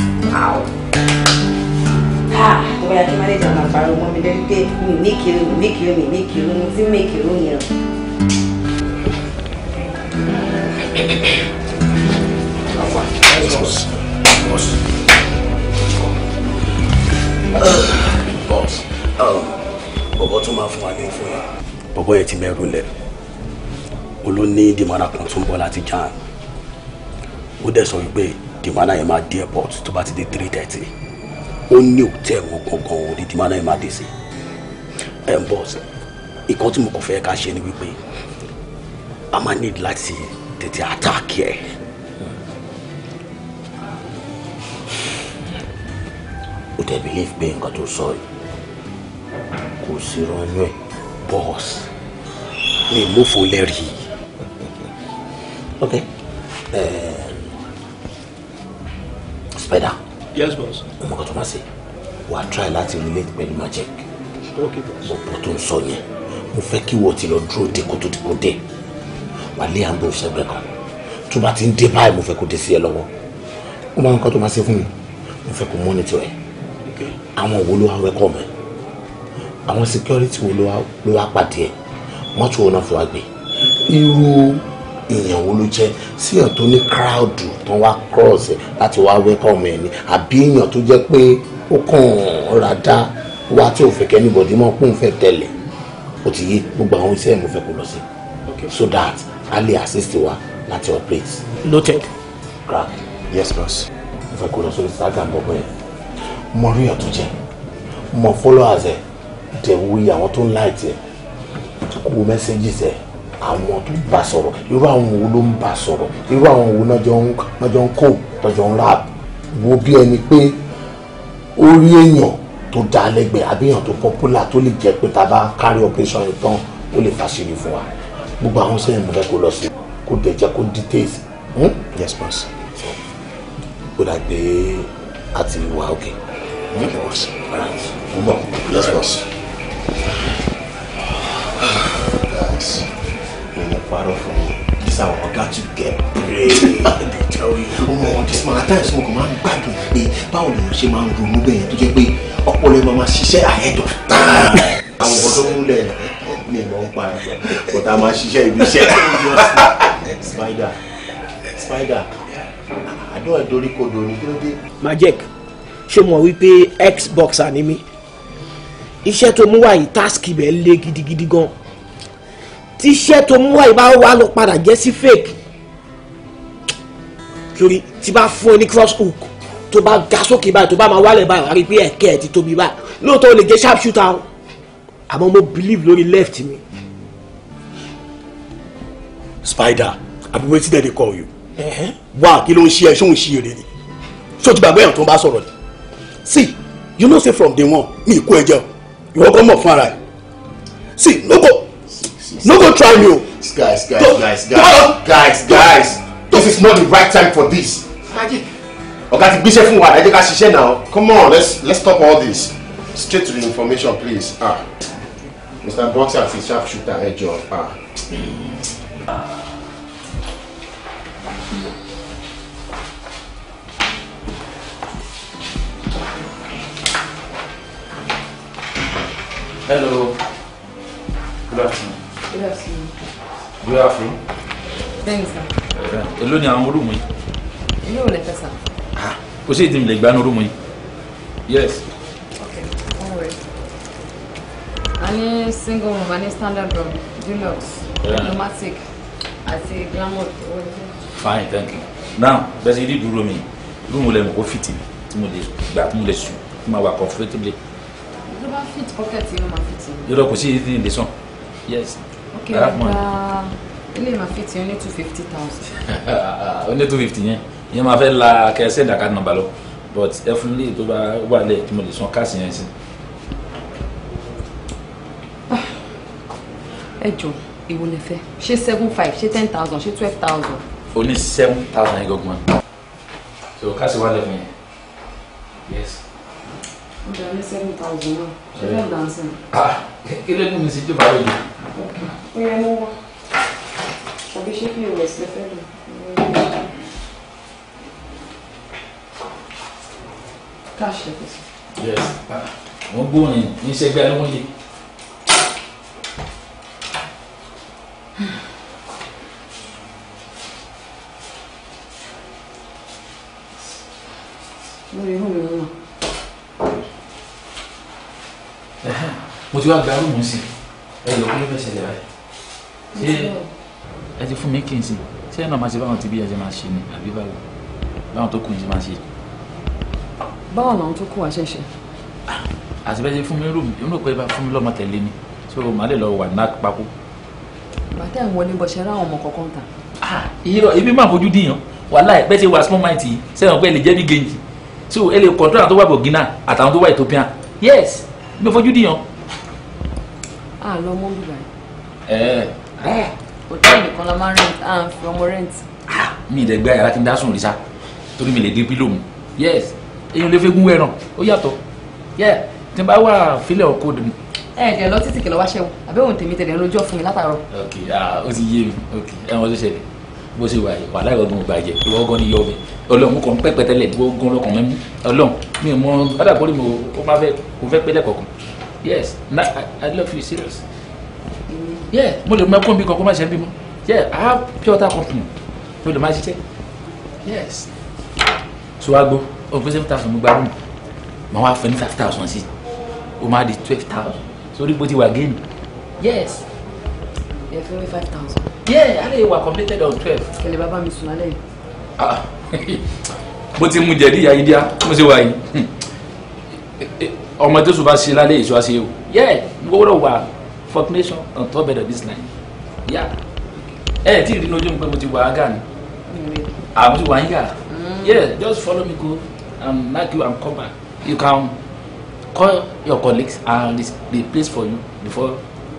out. tó bá yà kí mánéjà máa pariwo mọ́ mi lórí pé mi ní kiri mi ní kiri mi ní kiri mo ti mí kiri yẹn. Thank you boss um, bọ̀bọ̀ tún máa fún wa ní fún yẹn. bọ̀bọ̀ yẹn ti mẹ́rù lẹ̀ olóní dìmọ́ra kan tún bọ́ láti jan ó dẹ̀ sọ wípé dìmọ́ra yẹn máa dé airport tó bá ti dé three thirty ó ní òtẹ́ ẹ̀wọ̀n gangan òun ní dìmọ́ra yẹn máa dé sí ẹ̀ ń boss ìkan tí mo kàn fẹ́ ká ṣe ni wípé a máa need láti tètè attack yẹn. o dẹ̀ believe being nǹkan tó soy. yìí kò boss mi move fo lẹ́rìí ok eh, spider. yes boss. ọmọ going to máa ṣe wà á try láti relate pẹ̀lú magic. ok boss. bọ̀bọ̀ tó ń sọ yẹn mo fẹ́ kí wọ́n ti lọ dúró de kótó tí kò dé wà lé àǹbò sẹ́gbẹ̀ẹ́ kan tó bá ti ń dé báyìí mo fẹ́ kó dé sí ẹ lọ́wọ́ ó máa ń kọ́ tó mi mo fẹ́ kó mọ́nítọ̀ àwọn wo ló wá rẹ́kọ̀ mẹ́ àwọn security wo ló wá pàdé ẹ̀ mọ́tò wọn náà fi wá gbé irú èèyàn wo ló jẹ́ sí èèyàn tó ní crowd tán wá cross láti wá rẹ́kọ̀ mẹ́ ni àbí èèyàn tó jẹ́ pé ó kàn ra dá wá tí ò fẹ́ kẹ́ anybody mọ́ kó ń fẹ́ tẹ̀lé ó ti yé gbogbo àwọn iṣẹ́ ìmọ̀fẹ́ kò lọ sí so that a lè assist wa láti operate. noted. crack yes boss. mo fẹ́ kó lọ sórí instagram bọ́bọ́ yẹn mọ ríyàn tó jẹ mọ followers ẹ dẹ̀ wo iye àwọn tó ń láìtì ẹ kó messages ẹ àwọn tó bá sọ̀rọ̀ irú àwọn wo ló ń bá sọ̀rọ̀ irú àwọn wo lọ́jọ́ ń kó lọ́jọ́ ń rap wo bí ẹni pé ó rí èèyàn tó dá lẹ́gbẹ̀ẹ́ àbí èèyàn tó popular tó lè jẹ́ pé tá a bá kárí operation yìí tán ó lè fàṣírí fún wa gbogbo àwọn sẹ́yìn mo fẹ́ kó lọ sí kó dẹ̀ jẹ́ kó details. Hmm? yes boss. ó dàgbé àti ìwà òkè. Okay. Okay, boss. All right. Move on. Yes, right. boss. Guys, in the part of me, this our ọ̀gá to get brave. I tell you. Ọmọ, this man, at times, mo kàn máa ń gbádùn pé báwo ni mo ṣe máa ń ronú bẹ́ẹ̀ tó jẹ́ pé ọpọlọ ẹ̀ máa ṣiṣẹ́ ahead of time. Àwọn ọ̀dọ́ múlẹ̀ mi mọ̀ ń pa ẹ̀ kò tá a máa ṣiṣẹ́ ibi iṣẹ́. Spider, Spider, àdó ẹ̀ dorí kodò ní kí ló dé? Majek ṣó mọ̀ wípé xboxer ni mí iṣẹ́ tó mú wá yìí task ibẹ̀ lé gidigidi gan tí iṣẹ́ tó mú wá yìí bá wà lọ padà jẹ́ sí fake torí tí bá fún ẹ ní cross hook tó bá ga sókè báyìí tó bá máa wálẹ̀ báyìí wàá rí pé ẹ̀kẹ́ ẹ̀ ti tóbi báyìí lóòótọ́ o lè jẹ́ sharp shooter o àmọ́ mo believe lórí left mi. spider àbí wetin dem dey call you. wá kí ló ń ṣe ẹ ṣóun ṣe èrè ni ṣó ti gbàgbé èèyàn tó ń bá sọ̀rọ̀ ni see you know say from day one Me, kú ẹjẹ o ìwọ kọ mọ fún ara ẹ see no go no go try me o. guys guys guys guys guys this is not the right time for this. ọ̀gá ti gbéṣẹ́ fún wa ẹ jẹ́ ká ṣiṣẹ́ náà. come on let's let's stop all this straight to the information please ah mr boxer àti sharp shooter ẹ jọ ah. Hello. Good afternoon. Good afternoon. Good afternoon. Bẹ́ẹ̀ni sá. Eh, èló ni àwọn orúmọ yìí? Ilé ò lè fẹ́ sá. Kò sí ìdí Yes. Okay, don't worry. A ní single room, a ní standard room, deluxe, automatic. I àti glamour. Fine, thank you. Now, bẹ́sẹ̀ ìdí dúró mi, rúmù lẹ́nu kó fìtì tí mo lè gbà tí mo lè sùn tí tó bá fit pocket yìí ló máa fit yìí. yọrọ kò sí ìdí ìdí sàn yes. ok ọ̀gá ilé máa fit yìí ní two fifty thousand. ó ní two fifty yẹn ìyẹn máa fẹ́ la kẹsẹ̀ ìdàkà nàbà lọ but ẹ fún mi tó bá wà lẹ̀ tí mo lè san káàsì yẹn sí. ẹ jọ èwo lẹ fẹ́ ṣé seven five ṣé ten thousand ṣé twelve thousand. ó ní seven thousand yẹn gangan so káàsì wà lẹ̀ fún yẹn yes ní seven thousand náà ṣé fẹ́ gbàǹsì. kílẹ̀ ní mi sì jù báyìí. ó yẹ mú wá tàbí ṣé kí ìwẹ̀ sí fẹ́ lò. káàṣì pèsè. yes mo gbóòrìn ní sẹgbẹ́ alóhùn yìí. lórí ìhùn mi náà mo ti wá gba rúùmù sí ẹ lọ kí ló fẹ́ ṣẹlẹ̀ báyìí ṣé ẹ ti fún mi kí n sìn ṣé ẹ náà máa ṣe báwọn tí bí ẹ ṣe máa ṣe ni àbí báwo báwọn tó kù ń ṣe máa ṣe. báwo làwọn tó kù wá ṣẹ̀ṣẹ̀. àti bẹ́ẹ̀ ṣe fún mi rúùmù inú pé bá fún mi lọ́mọ tẹ̀lé ni so màá lè lọ wà náà papò. bàtẹ́ ń wọlé bọ̀ ṣe rá àwọn ọmọ kọ̀ọ̀kan ta. Ah, irọ́ ibi máa fojú dìyàn wàhálà bẹ́ẹ̀ ṣe wà small mind yìí sẹ́wọ̀n pé ẹ lè jẹ́ bí genji so ẹ lè control àwọn tó wà bọ̀gínà àtàwọn tó wà Ethiopia yes gbé fojú dìyàn. a lọ mọ bíbá yìí. hòtẹ́ẹ̀lì kan la máa ń rent ah ń fi ọmọ rent. mi ì dẹ̀gbẹ́ àyàrá kí n dá sùn rí sa torí mi lè dé pílò mu yes èyàn lè fẹ́gun ẹran ó yàtọ̀ yẹ tí n bá wà fílẹ̀ ọkọ dùn. ẹ jẹ lọ títí kìlọ̀ wá ṣẹ́wọ̀n àbẹ́wò tèmi tẹ̀lé lójú ọ̀fun mi látàárọ̀. ok ah ó ti yé mi ok ẹ wọn ló ṣẹlẹ̀ bó ṣe wà yìí wàhálà ìwọ́gun ìbàjẹ́ ìwọ́gun ni yọ̀ọ̀bẹ ọlọ́run kan pẹ́pẹ́ tẹ́lẹ̀ ìwọ́gun ọlọ́kan mẹ́mú ọlọ́run mi ò mọ ọ̀dàpọ̀ mi ò máa fẹ́ kò fẹ́ pẹ́lẹ́ kọ̀ọ̀kan yes na i love you serious yeah mo lè mọ ẹkún bí kankan má ṣe ń bímọ yeah i have pure water company mo lè má ṣiṣẹ́ yes so wá gbó òfin seven thousand mo gba rúùmù màá wá fẹ́ ní five thousand sí o máa di twelve thousand sórí bó ti wà géèmù yes. ẹ fẹ́ wí five thousand yeah alẹ́ wa completed on twelve. kẹlẹ bàbá mi sùn lálẹ́ yìí. Ah. bó ti mú jẹ̀dí ìyá yìí díá mo ṣe wà yìí ọmọ tó sùn bá ṣe lálẹ́ èso àṣeyẹ o yeah gbogbo wa nation on top bed of this line yeah ẹ ẹ tí ì rí ní ojú mi pé mo ti wà á gà ni àmọ́ mm-hmm. ah, ti wà á yà mm. yeah just follow me go and knack you and come back you can call your colleagues and they place for you before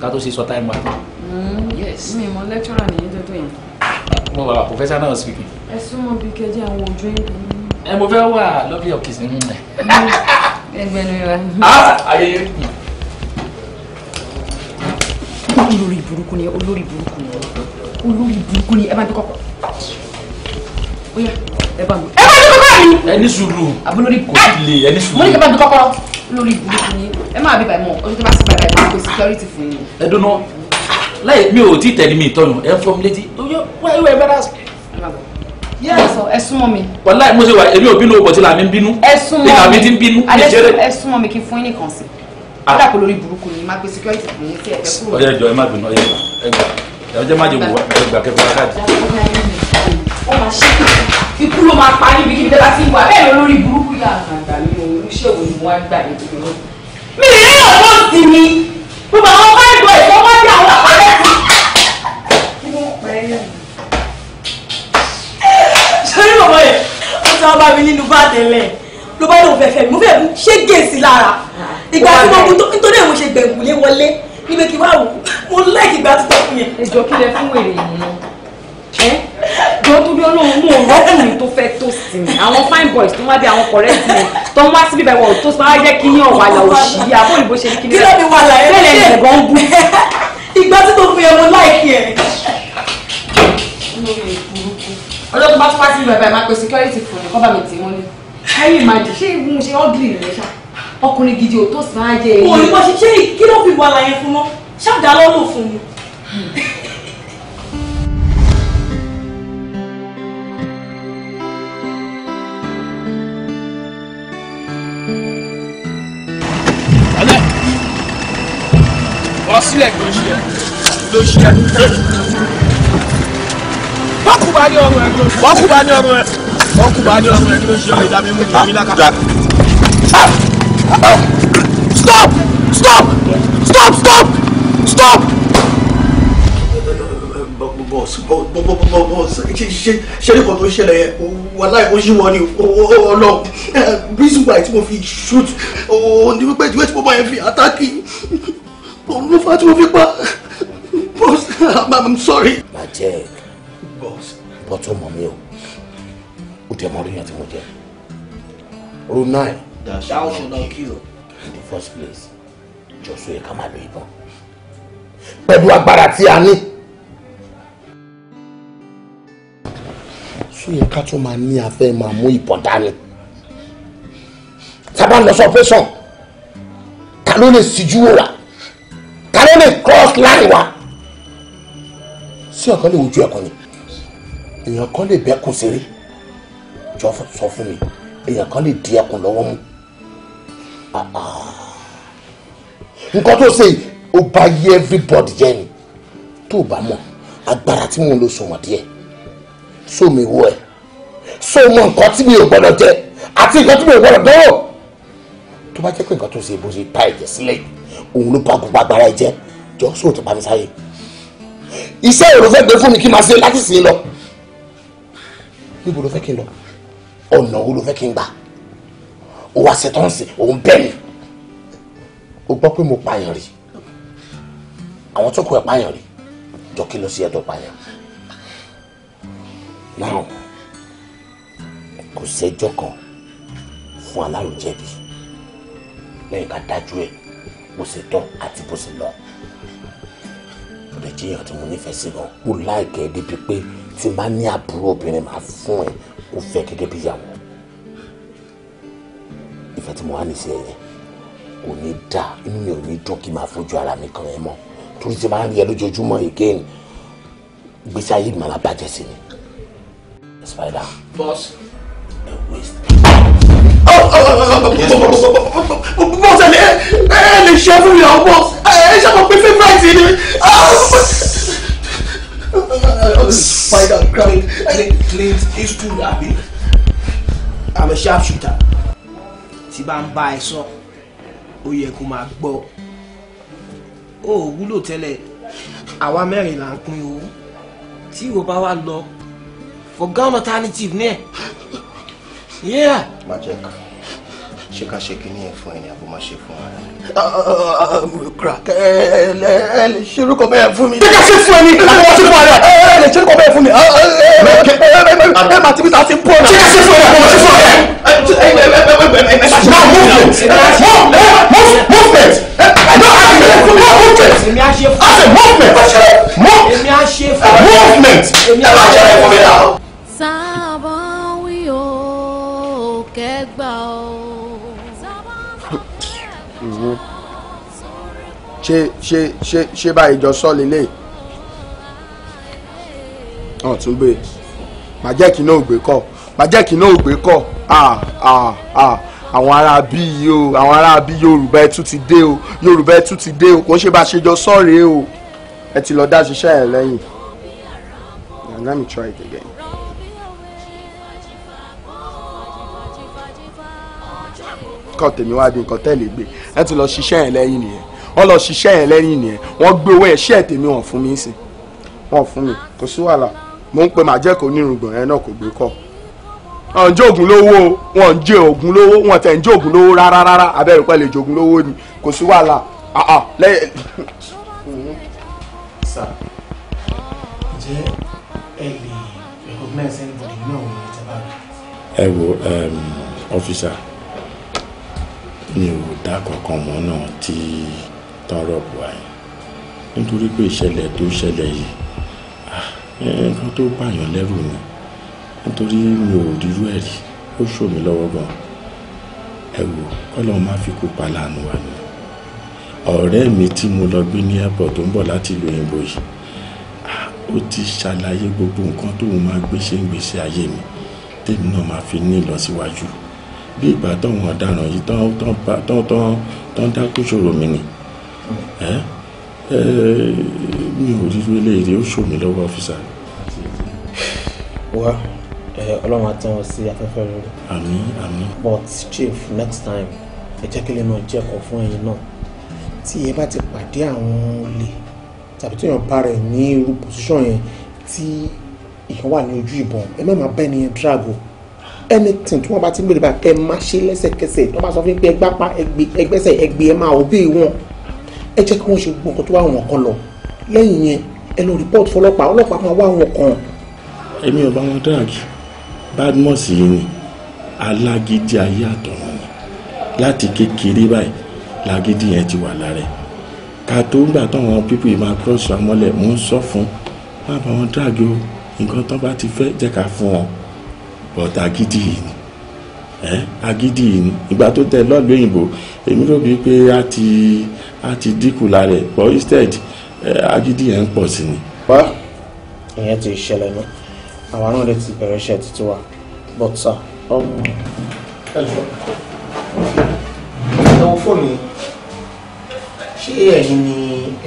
ká tó ṣe sọ time wa. Mm-hmm. yes. mi mọ lecturer nìyí tó tó yẹn. mo wà professor náà speaking. ẹ súnmọ́ bí kẹjẹ àwọn ojú ẹ̀ ẹ mo fẹ́ wà lovely ọ̀kìsì ń rìn. ẹgbẹ́ ni wa. Ah, ayẹyẹ olórí burúkú ni olórí burúkú ni olórí burúkú ni ẹ bá ń dúkọ́ ó yá ẹ bá ń dúkọ́ ẹ bá ń dúkọ́ mi. ẹni sùúrù àbúlórí kò le ẹni sùúrù. mo ní kí ẹ bá ń dúkọ́ kọ́ olórí burúkú ni ẹ máa bí bàí mọ́ ọjọ́ tó bá sí bàí bàí kò sí security fún yín. ẹ dúná láì mi ò tí tẹ̀lé mi ìtọ́nu ẹ̀ ń fọ́ mi létí wọ́n ìwé ẹ̀bẹ̀rẹ̀ àṣọ. ẹ súnmọ́ mi. wàláì mo ṣe wà èmi ò bínú ọ̀pọ̀ tí làmí ń bínú. ẹ súnmọ́ mi làmí ti ń bínú. ẹ súnmọ́ mi kí n fún yín nìkan sí. kódà ah. kò lórí burúkú ni má gbé security fún yín sí ẹ̀fẹ́ kúrò. ọ̀yẹ́ ìjọ ẹ má bínú ọ̀yẹ́ ẹgbà ẹ̀jẹ̀ má jẹ́ wò ẹgbà kẹfà káàdì. ó máa ṣe ikú ló máa parí ibi kí n dára sí ìwà bẹ́ẹ̀ lórí burúkú yà àgbà mi ò ríṣẹ́ òun máa bá mi nínú bá tẹ́lẹ̀ ló bá lóun fẹ́fẹ́ mo fẹ́ ṣé gèsì lára ìgbà tí mo mú nítorí àwọn ṣe gbẹ̀ngùn wọlé níbi kí wá wò mo láìkí ìgbà tó tọ́kùn yẹn. ẹjọ kí lẹ fún èrè yìí náà jọ tó bí Ọlọ́run mú òun tó fẹ́ tó sí mi àwọn fine boys tó wá bí àwọn correct men tó ń wá síbí bẹ́ẹ̀ wọ tó sáwá jẹ kí yín ọwà là òṣì yìí àbọ òyìnbó ṣe ní kí ní bẹ́ẹ̀ bẹ́ẹ̀ lẹ ẹsẹ bú. ìgbà tí tó fi ẹ mo láìkí ẹ ọlọ́run bá tún wá sí ìlú ẹ̀bá ẹ̀ máa pe security fún mi kọ́ bá mi tì wọ́n lé ẹ̀yìn máa jì ṣé mo ṣe ọ́gìlì rẹ̀ ṣá ọkùnrin gidi ò tó sì máa jẹ èyí. òyìnbó ṣe ṣé kí ló fi wà láyé fún mọ́ ṣáàdá lọ́lù fún mi. Ọ̀sílẹ̀ ló ṣe wọ́n stop stop stop stop stop. bọ́ọ̀sì bọ́ọ̀sì ṣe ní kan tó ṣẹlẹ̀ yẹn wà láì ó yí wọn ni ọlọ́ọ̀ reason why tí mo fi shoot ní wípé tí mo bá yẹn fi àtàkì òun ló fà á tí mo fi pa bọ́ọ̀sì I'm sorry. bàjẹ́ boss. bọ́tọ̀ oh, mọ̀ mi o oh. ó tẹ̀ mọ́ oríyàn tí mo jẹ rule nine. that shall not kill. in the first place jọ́sọ̀ yẹ ká máa lo ìbọn pẹ̀lú agbára tí a ní. sọ yẹ ká tún máa ní afẹ́ máa mú ìbọn dání sábà lọ sọ pẹ́sàn ta ló lè síjú wò wá ta ló lè cross line wá sí ọ̀kan lè wojú ẹ̀kọ́ ni èèyàn kan lè bẹ́kùn ṣeré jọ sọ fún mi èèyàn kan lè di ẹkùn lọ́wọ́ mú ah, ah. nǹkan tó ṣe ó bá yé everybody jẹ́ ni tó bá mọ̀ agbára tí mò ń lo sọmọ díẹ̀ sómi wọ ẹ̀ so mọ nǹkan tí mi ò gbọ́dọ̀ jẹ àti nǹkan tí mi ò gbọ́dọ̀ dánwò tó bá jẹ́ pé nǹkan tó ṣe bó ṣe pa ẹ̀jẹ̀ sílẹ̀ òun ló bá gbogbo agbára ẹ̀ jẹ́ jọ́ sóòtú bá mi sáyé iṣẹ́ èrò fẹ́ gbé fún mi kí n máa ṣe láti sìn lọ níbo ló fẹ́ kí n lọ ọ̀nà wo ló fẹ́ kí n gbà ó wá ṣe tán sí òun bẹ́ẹ̀ ni ó gbọ́ pé mo pààyàn rí àwọn tó kọ ẹ̀ pààyàn rí jọ kí lọ sí ẹ̀dọ̀ pààyàn náà kò sẹ́jọ́ kan fún aláròjẹ̀bi lẹ́yìn ká dájú ẹ̀ bó ṣe tọ́ àti bó ṣe lọ ọ̀dẹ̀ jíyàn tí mo nífẹ̀ẹ́ sí gan mo láìkẹ́ débi pé tí n bá ní àbúrò obìnrin máa fún ẹ kó fẹ́ gẹ́gẹ́ bí ìyàwó ìfẹ́ tí mo wá ní sí ẹ yẹn kò ní dà inú mi ò ní dùn kí n máa fojú ara mi kan ẹ mọ́ torí tí n bá ń rí ẹ lójoojúmọ́ again gbèsè ayé mi máa bàjẹ́ sí ni spider. boss. a waste. bọ́sẹ̀ ẹ ẹ lè ṣe fún mi àwọn bọ́sẹ̀ ẹ ṣe mọ̀ pé fífúráìtì ni spider crying clint eastwood àbí i'm a sharp shooter tí bá ń bá ẹ sọ ó yẹ kó máa gbọ́ ó wúlò tẹ́lẹ̀ àwa mẹ́rin là ń pín owó tí ìwọ bá wá lọ for gun alternative ní ẹ. Yeah. Magic ṣé ká ṣe kí ní ẹ̀ fún ẹ ni ṣe fún ara rẹ. crack ẹ ẹ lè ṣe bẹ́ẹ̀ fún mi. kíkà ṣe fún ẹ ní ṣe fún ara rẹ. ẹ lè ṣe bẹ́ẹ̀ fún mi. ẹ máa ti bí ta ti bọ̀ náà. kíkà ṣe fún ẹ kíkà ṣe fún ara rẹ. now movement movement movement. ṣe ṣe ṣe báyìí jọ sọ lélẹ̀ ọ̀ tún gbé màá jẹ́ kí náà gbé kọ́ màá jẹ́ kí náà gbé kọ́ ah ah ah àwọn ará bí yìí o àwọn ará bí yorùbá ẹ tún ti dé o yorùbá ẹ tún ti dé o kò ń ṣe bá a ṣe jọ sọ̀rẹ́ o ẹ ti lọ dá ṣiṣẹ́ ẹ lẹ́yìn let me try it again. kọ́ tèmi wá di nǹkan tẹ́lẹ̀ gbé ẹ ti lọ ṣiṣẹ́ ẹ lẹ́yìn nìyẹn wọ́n lọ ṣiṣẹ́ yẹn lẹ́yìn nìyẹn wọ́n gbé owó ẹ̀ṣẹ́ tèmi wọ́n fún mi sí wọ́n fún mi kò sí wàhálà mò ń pe màjẹ́kọ̀ọ́ onírùngbọ̀n yẹn náà kò gbé kọ́ wọn jẹ oògùn lówó wọn jẹ oògùn lówó wọn tẹ̀ ń jẹ oògùn lówó rárá rárá abẹ́rẹ́ pẹ́ lè jẹ oògùn lówó ni kò sí wàhálà àà lẹ́yìn. sà jẹ́ ẹ lè recognize anybody náà wọ́n ti bá mi. ẹ wo ọ́fíìsà um, mi ò dá kankan mọ́ náà tí. Tí tán rọ̀bù wa yẹn nítorí pé ìṣẹ̀lẹ̀ tó ṣẹlẹ̀ yìí ah, nǹkan tó bàyàn lẹ́rù ni nítorí mi ò rírú ẹ̀ rí ó ṣò mí lọ́wọ́ gan ẹ wò kọ́lọ́ má fi kú pa láàánú wa ni ọ̀rẹ́ mi tí mo lọ gbé ní airport tó ń bọ̀ láti ìlú òyìnbó yìí ah, ó ti ṣàlàyé gbogbo nǹkan tóun máa gbé ṣe ń gbèsè ayé mi tèmi náà máa fi ní ìlọsíwájú bí ìgbà ọ̀daràn yìí tán tán tán tán dákú ṣòro mi ni ẹ ẹ mi ò rí ilé èdè ó ṣòmí lọ́wọ́ ọ́fíìsà. wá ọlọ́run àti wọn sí afẹ́fẹ́ rere. àmín àmín. but chief next time ẹ jẹ́ kí lè náà jẹ́ ẹ̀kọ́ fún ẹ̀yin náà tí ẹ bá ti pàdé àwọn olè tàbí tí èèyàn bá rẹ̀ ní irú pòsíṣàn yẹn tí èèyàn wà ní ojú ìbọn ẹ má bẹ́ẹ̀ ni ẹ drago anything tí wọ́n bá ti ń gbèrè bá kẹ́ ẹ má ṣe lẹ́sẹ̀kẹsẹ̀ tó bá sọ fún yín pé ẹ gbápá ẹgbẹ́sẹ̀ ẹgbẹ́ ẹ máa òbí wọn ẹ jẹ́ kí wọ́n ṣe gbogbo nǹkan tó wà wọn kan lọ lẹ́yìn yẹn ẹ lọ rìpọ́ọ̀tù fọlọ́pàá ọlọ́pàá máa wá wọn kan. èmi ò bá wọn dáàgì Badmus yìí ni alágídí ayé àtọ̀run ni láti kékeré báyìí lágídí yẹn ti wà lára ẹ̀ ká tó ń gbà táwọn pípì máa kúrọ̀ṣì amọ́lẹ̀ mò ń sọ fún má bá wọn dáàgì o nǹkan tó bá ti fẹ́ jẹ́ ká fún wọn bọ̀dà gidi yìí ni ẹ agídí ni ìgbà tó tẹ lọ́ọ̀lù òyìnbó èmi rò bíi pé a ti a ti dínkù lára ẹ̀ but instead agídí yẹn ń pọ̀ sí ni. wá ìyẹn ti ṣẹlẹ̀ ní àwọn náà lè ti bẹ̀rẹ̀ iṣẹ́ títí wa but sir. Um, ẹ jọ àwọn fóònù ṣé ẹ̀yin ni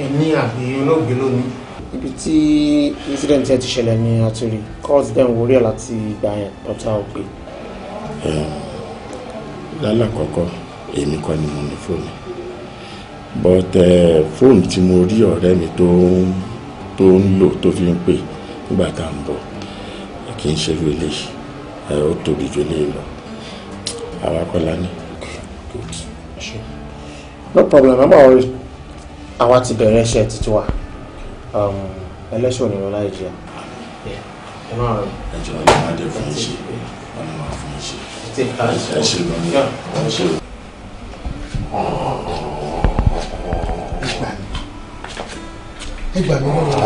ẹni àbí olóògbé lónìí. ibi tí incident yẹn ti ṣẹlẹ̀ ni a ti rí calls dem wọlé láti ìgbà yẹn but a Eh, lálàkọ́kọ́ èmi kọ́ ni mo ní fóònù but eh, fóònù tí mo rí ọ̀rẹ́ mi tó ń lò tó fi ń pè nígbà tá à ń bọ̀ kì í ṣe wele eh, ó tóbi ju eléyìí lọ àwa kọ́ la no problem mama ori àwa ti bẹ̀rẹ̀ iṣẹ́ títí wa ẹlẹ́ṣọ̀ nínú láì jẹ́ ẹ máa ẹ jọ̀ọ́ ní adé fún iṣẹ́ ọ̀nà máa fún take that. ẹ ṣe lọ ní ẹ ṣe lọ. ẹ gbà mí wọn lọ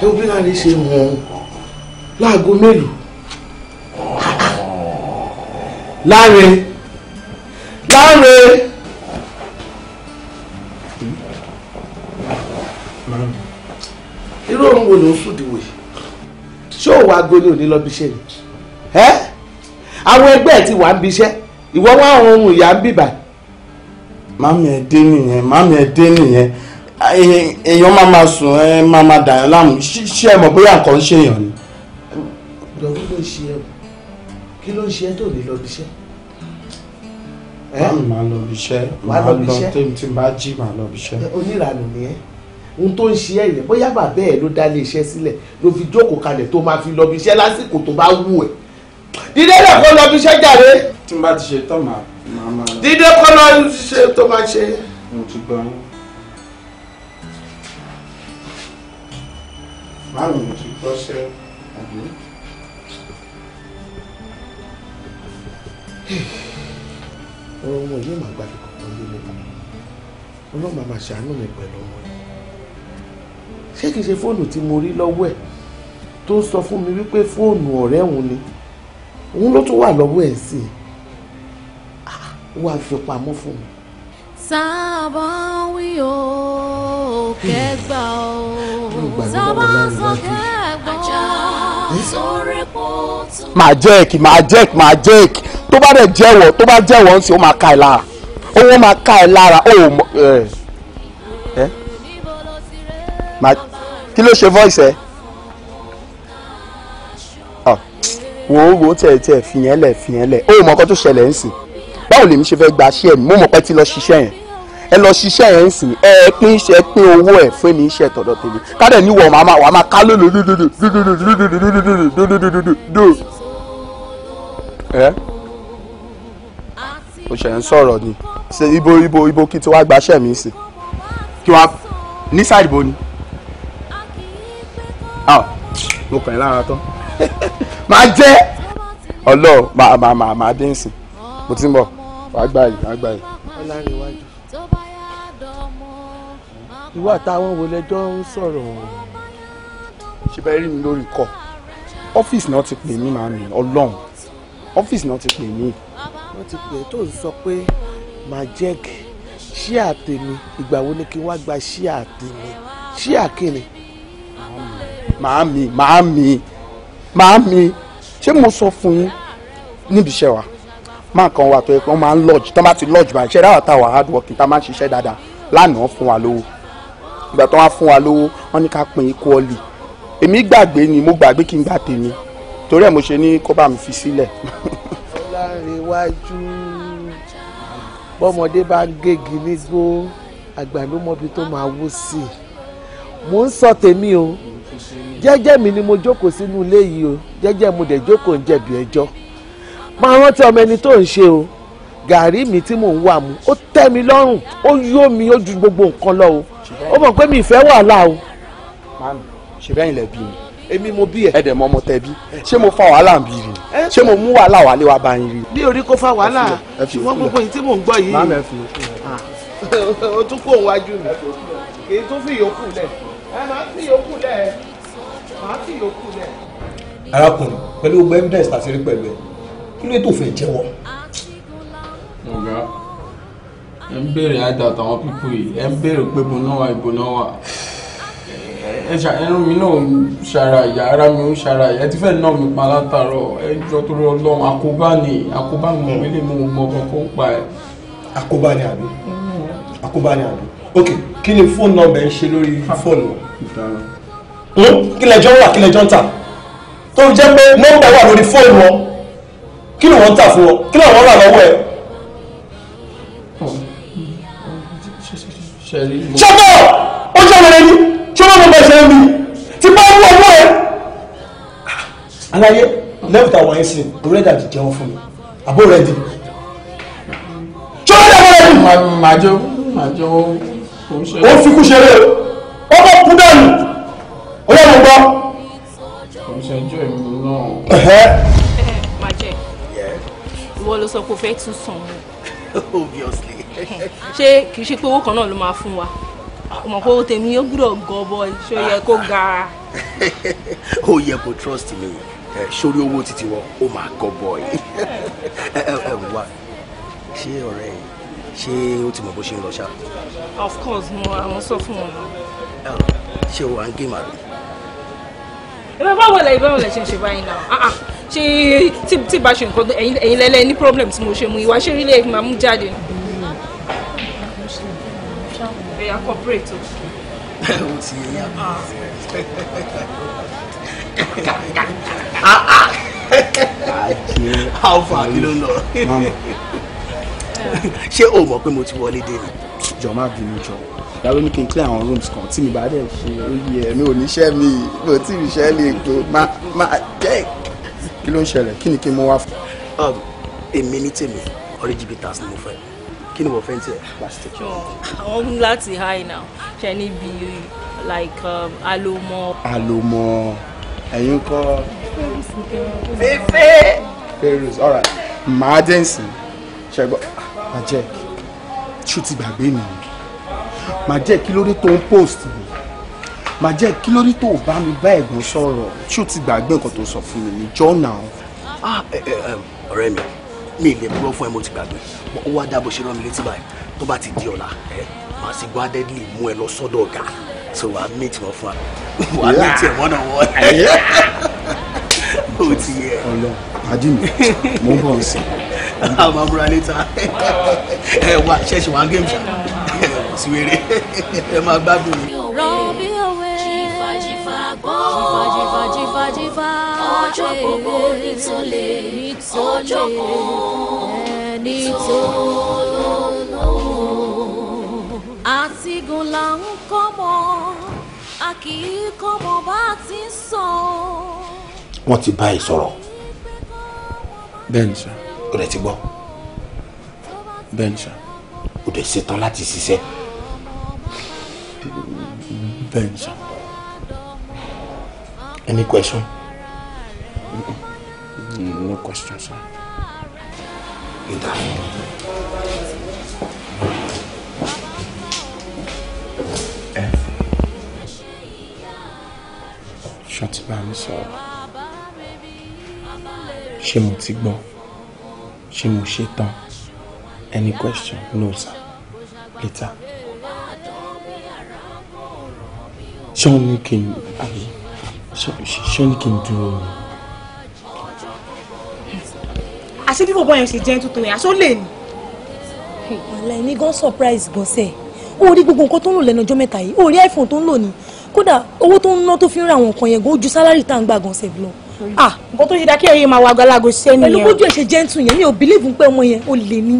ẹ bí láàrin ṣe wọn láago mélòó láàrin láàrin. irú òun wo ló ń fòdìwò yìí ṣé òun aago ni òní lọ́ọ́ bí ṣe ni ẹ́ àwọn ẹgbẹ́ ẹ̀ ti wà ń biṣẹ́ ìwọ wá àwọn ohun ìyá ń bìbà. màmí ẹ dé nìyẹn màmí ẹ dé nìyẹn èèyàn máa ma sùn ẹ máa ma dàyàn láàmú ṣé ẹ mọ̀ bóyá nǹkan ṣe èèyàn ni. ọ̀dọ̀ kí ló ń ṣe ẹ kí ló ń ṣe ẹ tó lè lọ biṣẹ́. màmí máa lọ biṣẹ́ máa lọ tí n bá jí máa lọ biṣẹ́. oníranù ni ẹ ohun tó ń ṣe ẹ̀yẹ bóyá bàbá ẹ̀ ló dá ilé iṣẹ́ ló fi jókòó kalẹ̀ tó máa fi lọ bí lásìkò tó bá wù ẹ́ dídé lè kó lọ bí iṣẹ́ jàre. tí n bá ti ṣe tán màá máa. dídé kó lọ ṣe tó máa ṣe. mo ti gbọ́ yín. màámi mo ti gbọ́ ṣe àbí. ọ̀rọ̀ ọmọ yìí máa gbàgbé kankan lé mi ọlọ́mọ máa ṣàánú mi pẹ̀lú ọmọ yìí ṣé kìí ṣe fóònù tí mo rí lọ́wọ́ ẹ̀ tó ń sọ fún mi wípé fóònù ọ̀rẹ́ òun ni òun ló tún wà lọ́wọ́ ẹ̀ sí i ah, wà fi pamọ́ fún mi. sábà wí o kẹgbà o sábà sọ kẹgbà sórí pòtù. máa jẹ́ẹ̀kì máa jẹ́ẹ̀kì máa jẹ́ẹ̀kì tó bá dẹ̀ jẹ́wọ́ tó bá jẹ́wọ́ ń sìn ó máa ká ẹ lára owó máa ká ẹ lára ó mọ ẹ kí ló ṣe voice ẹ. Eh? wo wo tẹ̀ tẹ̀ fìyẹn lẹ̀ fìyẹn lẹ̀ ó mọ ọkọ tó ṣẹlẹ̀ ń sìn báwo lèmi ṣe fẹ́ gba ṣẹ́ mi mo mọ̀ pé ti lọ ṣiṣẹ́ yẹn ẹ lọ ṣiṣẹ́ yẹn ń sìn ẹ pín iṣẹ́ pín owó ẹ̀ fún mi iṣẹ́ tọ̀dọ̀ tèmi kádẹ̀ ní wọ̀ wàá máa ká lólo dúdúdúdúdúdúdúdúdúdúdúdúdúdúdúdúdú. ẹ o ṣe ń sọ̀rọ̀ ni ṣe ibo ibo ibo kí tí wàá gba ṣẹ́ ni. mo kàn yín lára tán máa jẹ́ ọlọ́ máa máa máa máa dé nsìn mo ti ń bọ̀ wàá gbà yìí wàá gbà yìí. ọlárẹ̀wájú ìwọ àtàwọn wo lẹjọ ń sọ̀rọ̀. ṣe bẹ́ẹ̀ rí mi lórí kọ́ ọ́fíìsì náà ti pè mí màá mi ọlọ́run ọ́fíìsì náà ti pè mí. wọ́n ti pè é tó ń sọ pé màá jẹ́gì ṣí àtẹ̀mí ìgbà wo ni kí n gba ṣí àtẹ̀mí ṣí àkìnrin. màá mi màá mi màámi ṣé mo sọ fún yín níbi iṣẹ́ wa máa kan wà tó yẹ pé máa ń lodge tó máa ti lodge báyìí ṣe dáwà táwa hard working tá máa ń ṣiṣẹ́ dáadáa lánàá fún wa lówó ìgbà tó wá fún wa lówó wọ́n ní ká pín equally èmi gbàgbé ni mo gbàgbé kí n gbà tèmi torí ẹ̀ mo ṣe ní kó bá mi fi sílẹ̀. ọlárẹ̀wájú bọ́mọdé bá ń gégi nígbó àgbà ló mọbi tó máa wó sí i mò ń sọ tèmi o jẹ́jẹ́ mi ni mo jókòó sínú ilé yìí o jẹ́jẹ́ mo dẹ̀ jókòó ń jẹ̀bi ẹjọ́ máa rántí ọmọ ẹni tó ń ṣe o gàrí mi tí mò ń wà mu ó tẹ́ mi lọ́rùn ó yó mi ó ju gbogbo nǹkan lọ o ó mọ̀ pé mi ìfẹ́ wàhálà o. mami ṣe bẹ́ẹ̀ ilẹ̀ bí mi èmi mo bí ẹ. ẹ dẹ̀ mọ ọmọ tẹ bí ṣé mo fa wàhálà bí rí ṣé mo mú wàhálà wálé wa bá yín rí. bí orí kò fa wàhálà ṣùgbọ́n gbogbo yìí tí mò ń gbọ́ yìí. Ah. o tún kó òun wájú mi kì í tún fi ìyókù lẹ̀ ẹ máa fi ìyókù lẹ̀ arákùnrin pẹ̀lú gbogbo evidence tàti rí pẹ̀lú ẹ̀ kí ló tó fẹ́ jẹ́wọ́. ọ̀gá ẹ ń béèrè àìdá àtàwọn pípọ̀ yìí ẹ ń béèrè pé bọ́nà wà ìbọnà wà ẹrù mi náà ń ṣara ara mi ń ṣara ìyá tí fẹ́ẹ́ náà mi pa látàárọ̀ ẹjọ́ tó rọ lọ́hùn àkóbá ni àkóbá mi ò lè mú ọmọ ọkọ pa ẹ̀. àkóbá ni àbí àkóbá ni àbí ok kí ni fóònù náà bẹ̀ ń ṣe lórí fóònù kí lẹjọ́ wà kí lẹjọ́ ń tà tó jẹ́ pé nọ́mbà wà lórí fóònù wọn kí ni wọ́n ń tà fún wọn kí làwọn rà lọ́wọ́ ẹ. ṣọ́tọ̀ ó jẹ́ wẹ̀rẹ̀ ni ṣé wọ́n mọ̀ bá ṣe ń bi ti bá wú ọwọ́ ẹ. aláyé lẹ́yìn tí àwọn ẹ̀sìn búrẹ́dà ti jẹun fún mi àbó rẹ̀ di. ṣọ́tọ̀ rẹ̀ di. màá jẹ́ màá jẹ́ ó fi kú ṣeré ó kú dànù ó yẹ mo gbọ́. ìṣẹ́jú èmi náà. Majẹ ìwọ ló sọ pé o fẹ́ tún san owó. obviously. ṣé kì í ṣe pé owó kan náà ló máa fún wa ọmọ kó tèmi yóò gbúdọ̀ gọbọ ṣó yẹ kó ga. ó yẹ kó trust me sórí owó títí wọn ó máa gọbọ yìí wá ṣé ọ̀rẹ́ yìí ṣé ó ti mọ bó ṣe ń lọ ṣá. of course mo àwọn sọ fún wọn. ṣé o à ń gé màlúù ẹ bá wọlé ẹ bá wọlé ṣe ń ṣe báyìí náà ah, ah. ṣe tí tí bá ṣe nǹkan ẹ̀yin lẹ́lẹ́ ní problem tí mo ṣe mu ìwà ṣe rí lè máa mú jáde. ẹ̀yà corporate o. ti yẹ yá. Ah. how far kí ló ń lọ ṣé o mọ̀ pé mo ti wọlé dé ni jọ má bínú jọ ìyàwó mi kì í clear àwọn rooms kan tí mi bá dẹ̀ ṣe oyè ẹ̀ mi ò níṣẹ́ mi mi ò tí ì ṣẹ́ lè gbó má má jẹ́ kí ló ń ṣẹlẹ̀ kí ni kí n mú wá fún. Um, èmi ní tèmi origibitas ni mo fẹ́ kí ni mo fẹ́ tiẹ̀. àwọn ogun láti high now ṣe ní bí like um, alomo. alomo ẹ̀yin kọ́. fèfè. fèrèsì all right màá dẹ́nsì ṣẹ́gbọ́n àjẹ́ kí ṣó ti gbàgbé mi màá jẹ́ kí lórí tó ń post mi màá jẹ́ kí lórí tó bá mi bá ẹ̀gbọ́n sọ̀rọ̀ ṣó ti gbàgbé nǹkan tó sọ fún mi ní jọ́nà. Ah, eh, eh, ọ̀rẹ́ mi mi ì lè purọ́ fún ẹ mo ti gbàgbé ó wá dáàbò ṣe rán mi létí báyìí tó bá ti di ọ̀la ẹ màá sì gbọ́ adẹ́dìlì mú ẹ lọ sọ́dọ̀ ọ̀gá so wàá meet wọn fún wa wàá meet ẹ one on one ti yẹ. ọlọ pàdé mi mo ń bọ̀ ọ̀sẹ̀ a máa múra létà ẹ wá ṣẹ̀ṣẹ̀ wá géèmù ṣá ẹ sì wéré ẹ máa gbádùn. rọ̀bí òwe jìfàjìfà gbọ́ jìfàjìfà ọjọ́ gbogbo nítòlè ọjọ́ kan nítòlò. àtìgùn là ń kọ́ mọ́ a kì í kọ́ mọ́ bá ti sọ. wọ́n ti bá ẹ sọ̀rọ̀. bẹ́ẹ̀ ni sọ ó dẹ̀ ti gbọ́. bẹ́ẹ̀ni sà. ó dẹ̀ ṣetán láti ṣiṣẹ́. bẹ́ẹ̀ni any question? no question sir. Shut up, bá mi sọ̀rọ̀ ṣé mo ti ṣé mo ṣe tán any question no sir later ṣé wọ́n ní kí n àbí ṣé wọ́n ní kí n dúró ni. àṣé bí bọ̀bọ̀ yẹn ṣe jẹ́ tuntun yẹn aṣọ lè ní. wàhálà ẹni gan surprise gan sẹ́ẹ̀ ó rí gbogbo nǹkan tó ń lò lẹ́nu ọjọ́ mẹ́ta yìí ó rí iPhone tó ń lò ní kódà owó tó ń ná tó fi ń ra àwọn nǹkan yẹn gan ó ju sálárì tá à ń gbà gan sẹ́ẹ̀ lọ ah nǹkan tó ṣe dá kí ẹyẹ máa wọ aago aláago ṣiṣẹ́ nìyẹn. pẹ̀lú bójú ẹ̀ ṣe gentle yẹn mi ò believe pé ọmọ yẹn ò lè ní.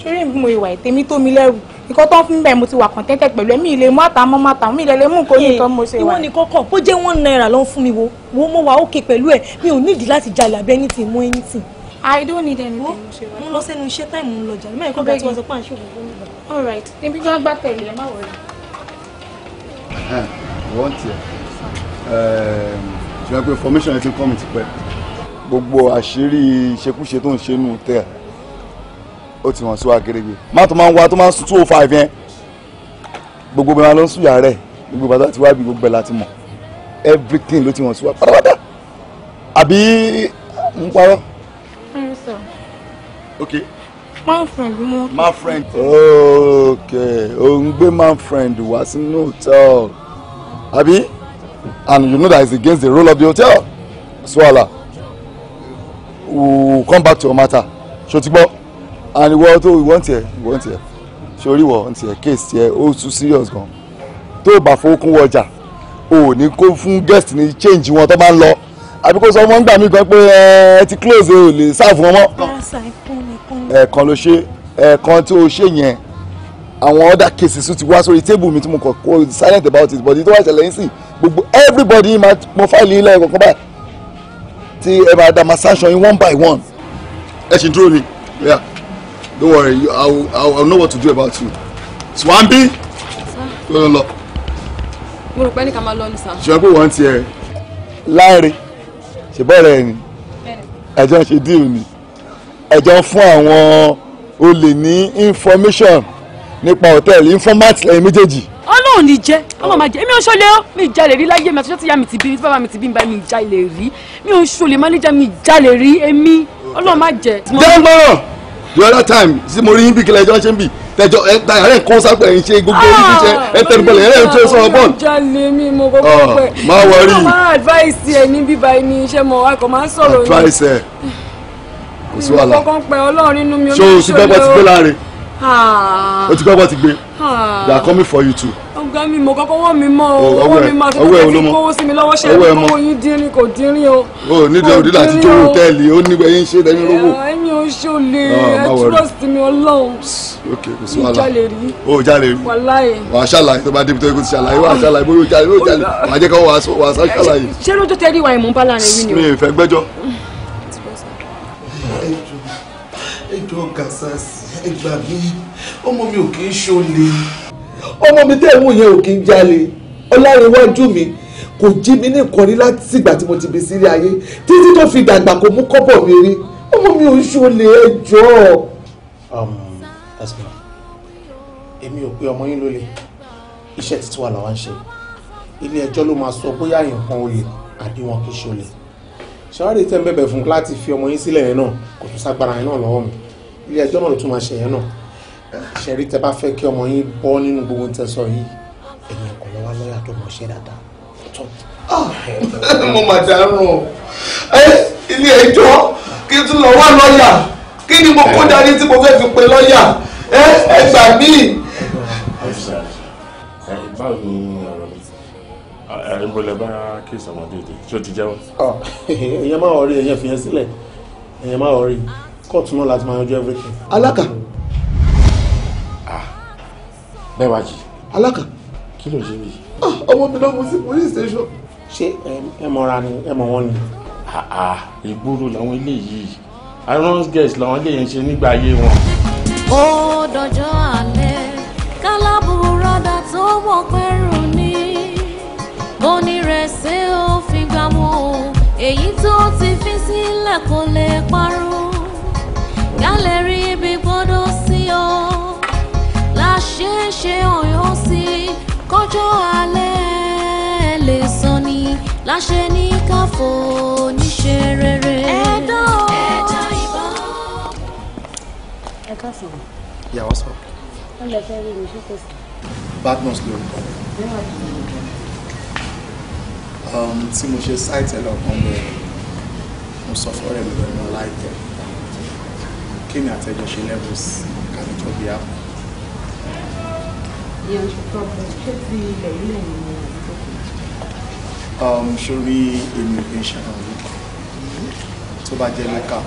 sórí èmi mo ìwà ìtẹ́mí tó mi lẹ́rù nǹkan tó ń fún bẹ́ẹ̀ mo ti wà contented pẹ̀lú ẹ̀mí ilé mú àtàmọ́ màtàmọ́ mi ìlẹ̀lẹ̀ mú nǹkan oníkan eh, mo ṣe wà. ìwọ nìkan kọ bó jẹ́ one naira ló ń fún mi wo wo mo wà okay pẹ̀lú ẹ̀ mi ò nídìí láti jalè àbí anything mú anything. I don't need anything. mo lọ sẹ́nu iṣẹ́ táìmù ń lọ jà mẹ́rin kọ́ bẹ́ẹ̀ tí wọ́n sọ pé à ń ṣe all right ibi tí wọ́n gbá tẹ̀lé ẹ má wọlé. wọ́n ti ẹ̀ tó pé formation yẹn kọ́ mi ti pẹ́. gbogbo àṣírí ìṣekúṣe tó ń ṣe nù tẹ̀ ó ti hàn sí wa gẹ́gẹ́ má tó máa ń wá tó máa ń sùn two oh five yẹn gbogbo bẹ́ẹ̀ máa ló ń sùn yàrá ẹ̀ gbogbo bàtà tí wàá bí gbogbo ẹ̀ láti mọ̀ everything ló ti hàn sí wa pátápátá àbí ń parọ́. ok. my friend my friend. ok òun gbé my friend wá sínú hòtẹ́ẹ̀lì àbí and you know that it's against the rule of the hotel So swala we'll come back to your matter ṣòtìgbọ́ and ìwọ tó ìwọ ń tiẹ̀ ìwọ ń tiẹ̀ sórí ìwọ ń case tiẹ̀ ó tún serious gan To ba bá fowó kún wọ ọjà o ni ní kó guest ní change wọn tó bá ń lọ àbí kó sọ wọn gbà mí gan pé ẹ ti close o lè serve wọn mọ́ ẹ̀ẹ̀kan ló ṣe ẹ̀ẹ̀kan tó ṣe yẹn àwọn other cases tún ti wá sórí table mi tí mo kàn kó silent about it but ìtọ́wà ìṣẹ̀lẹ̀ yín sì gbogbo everybody ma mo fáìlì yín lẹ́yìn kọ̀ọ̀kan báyìí tí ẹ máa dá ma sanction yín one by one. ẹ ṣì dúró ni yeah don't worry you, I'll will, I know what to do about you. swambi tó lọ lọ. mo rò pé ní ká máa lọ ní sàn. ṣùgbọ́n pé wọ́n ti ẹ láàrin ṣèbọ̀ rẹ̀ ni ẹ̀jọ̀ ń ṣe díìlì ni ẹ̀jọ̀ fún àwọn olè ní information nípa hòtẹ́ẹ̀lì informat lẹ́yìn méjèèjì. ọlọ́run ní jẹ́ ọlọ́run máa jẹ́ èmi ò ṣọlẹ̀ ọ́ mi ìjà lè rí láyé mi àtúnṣe tí ya mi ti bí mi tí bàbá mi ti bí mi báyìí mi ìjà lè rí mi ò ṣọlẹ̀ mánéjà mi ìjà lè rí èmi ọlọ́run máa jẹ́. jẹ́gbọ́n the other time tí mo rí bí kílẹ̀ ẹjọ́ ṣe ń bì tẹjọ ẹ ta ẹ kó sápẹ ẹ ṣe gbogbo ẹ ṣe ẹ tẹnu bọlẹ ẹ ṣe sọ̀rọ̀ bọọlù. jalè mi mo kọ́kọ́ ah, pẹ má wọrí mo máa advice ẹ ní bíbá ẹ ní iṣẹ́ mọ akọ máa sọ̀rọ̀ ní. advice ẹ kò sí wàhálà. mo kọ́kọ́ pẹ Ọlọ́run nínú mi oníṣòro. ṣé o ti bẹ́ẹ̀ bá ti gbé láàrin o ah. ti kọ́kọ́ ti gbé ah. they are coming for you too. ọ̀gá mi mo kọ́kọ́ wọ́n mi mọ́ o owó mi máa tó kọ́kọ́ ti kówó sí mi lọ́wọ́ ṣe é kówó yín dín ní kò dín ní o. o nídìí òdì láti jó hòtẹ́ẹ̀lì ó ní ẹ̀yin ṣe lẹ́yìn lówó. Ah, ẹ̀yin ò ṣe olè ẹ trust mi ọlọ́run. ok kò sí wàhálà o jalè rí wàláyé wàá ṣàlàyé tó bá débi tó yẹ kó ti ṣàlàyé wàá ṣàlàyé bóyá o jalè o jalè wàá jẹ́ kó wàá ṣàlàyé. ṣé lójó tẹ́rí ìwà ìmọ̀ bá láàrin yìí ni o ẹ gbà ọmọ mi ò kì í ṣolè ọmọ mi tẹ̀wọ̀n yẹn ò kì í jalè ọlárẹ̀wájú mi kò jí mi ní ìkọrí láti ìgbà tí mo ti bí sílé ayé títí tó fi dàgbà kò mú kọ́bọ̀ mi rí ọmọ mi ò ṣolè ẹ jọ̀ọ́. Um, èmi ò pé ọmọ yín ló iṣẹ́ títí wà làwọn ṣe ilé ẹjọ́ ló máa sọ bóyá nǹkan olè àbí wọn kì tẹ́ ń bẹ̀bẹ̀ fún láti fi ọmọ yín sílẹ̀ yẹn náà kò tún ságbára yẹn náà lọ́wọ́ mi ilé ẹjọ́ náà ló tún máa ṣe yẹn náà ṣẹ̀rí tẹ bá fẹ́ kí ọmọ yín bọ́ nínú gbogbo tẹ sọ yìí ẹ̀yin ẹ̀kọ́ lọ́wọ́ lọ́yà tó mọ̀ ṣe dáadáa tó. Ah, mo mà dáràn ilé ẹjọ́ kí n tún lọ wá lọ́yà kí ni mo kó dání tí mo fẹ́ fi pe lọ́yà ẹ gbà mí. báwo ni ọ̀rọ̀ mi ẹ̀rín bọ́lẹ̀ bá kí ìsọmọdé dé tí ó ti jẹ́wọ́. Ah, ẹ̀yẹ máa wọ̀ rí ẹ̀yẹ fi yẹn sílẹ̀ ẹ̀yẹ máa wọ̀ court náà láti máa yanjú everything. alákà. Ah, bẹ́ẹ̀ wá jì. alákà. kí ló ṣe ah, ọmọ mi náà mo sí police station. ṣé ẹ mọ̀ra ni ẹ mọ̀ wọ́n ni. Ah, ìgboro làwọn eléyìí iron girls làwọn eléyìí ń ṣe nígbà ayé wọn. ó dọjọ́ alẹ́ kálábùrú tó wọ̀ pẹ́rù ni onírẹsẹ̀ ò fi gbà wọ́n èyí tó ti fi sílẹ̀ kò lè parun kálẹ̀ rí ibi gbọ́dọ̀ sí ọ láṣẹ ṣe ọ̀yọ́ sí kọjọ́ alẹ́ lè sọ ni láṣẹ ní káfọ́ níṣẹ́ rere. ẹ̀dọ́ ẹ̀dọ́ ìbọn. ẹ káfọ́. ìyàwó sọ. wọ́n lè fẹ́ rí mi ṣé kò sí. Badmus lórúkọ um, tí mo ṣe sáìtì ẹ̀ lọ́kàn bẹ́ẹ̀ mo sọ fọ́ọ̀rẹ́ mi lọ́nà láìpẹ́ kémi àtẹjọ ṣe levels kàbí tó bí àpò. ìyẹn ṣùgbọ́n ṣé ti ilẹ̀ ilẹ̀ ni mo um, sórí èmi ò ń ṣàràn yìí tó bá jẹ́ lókà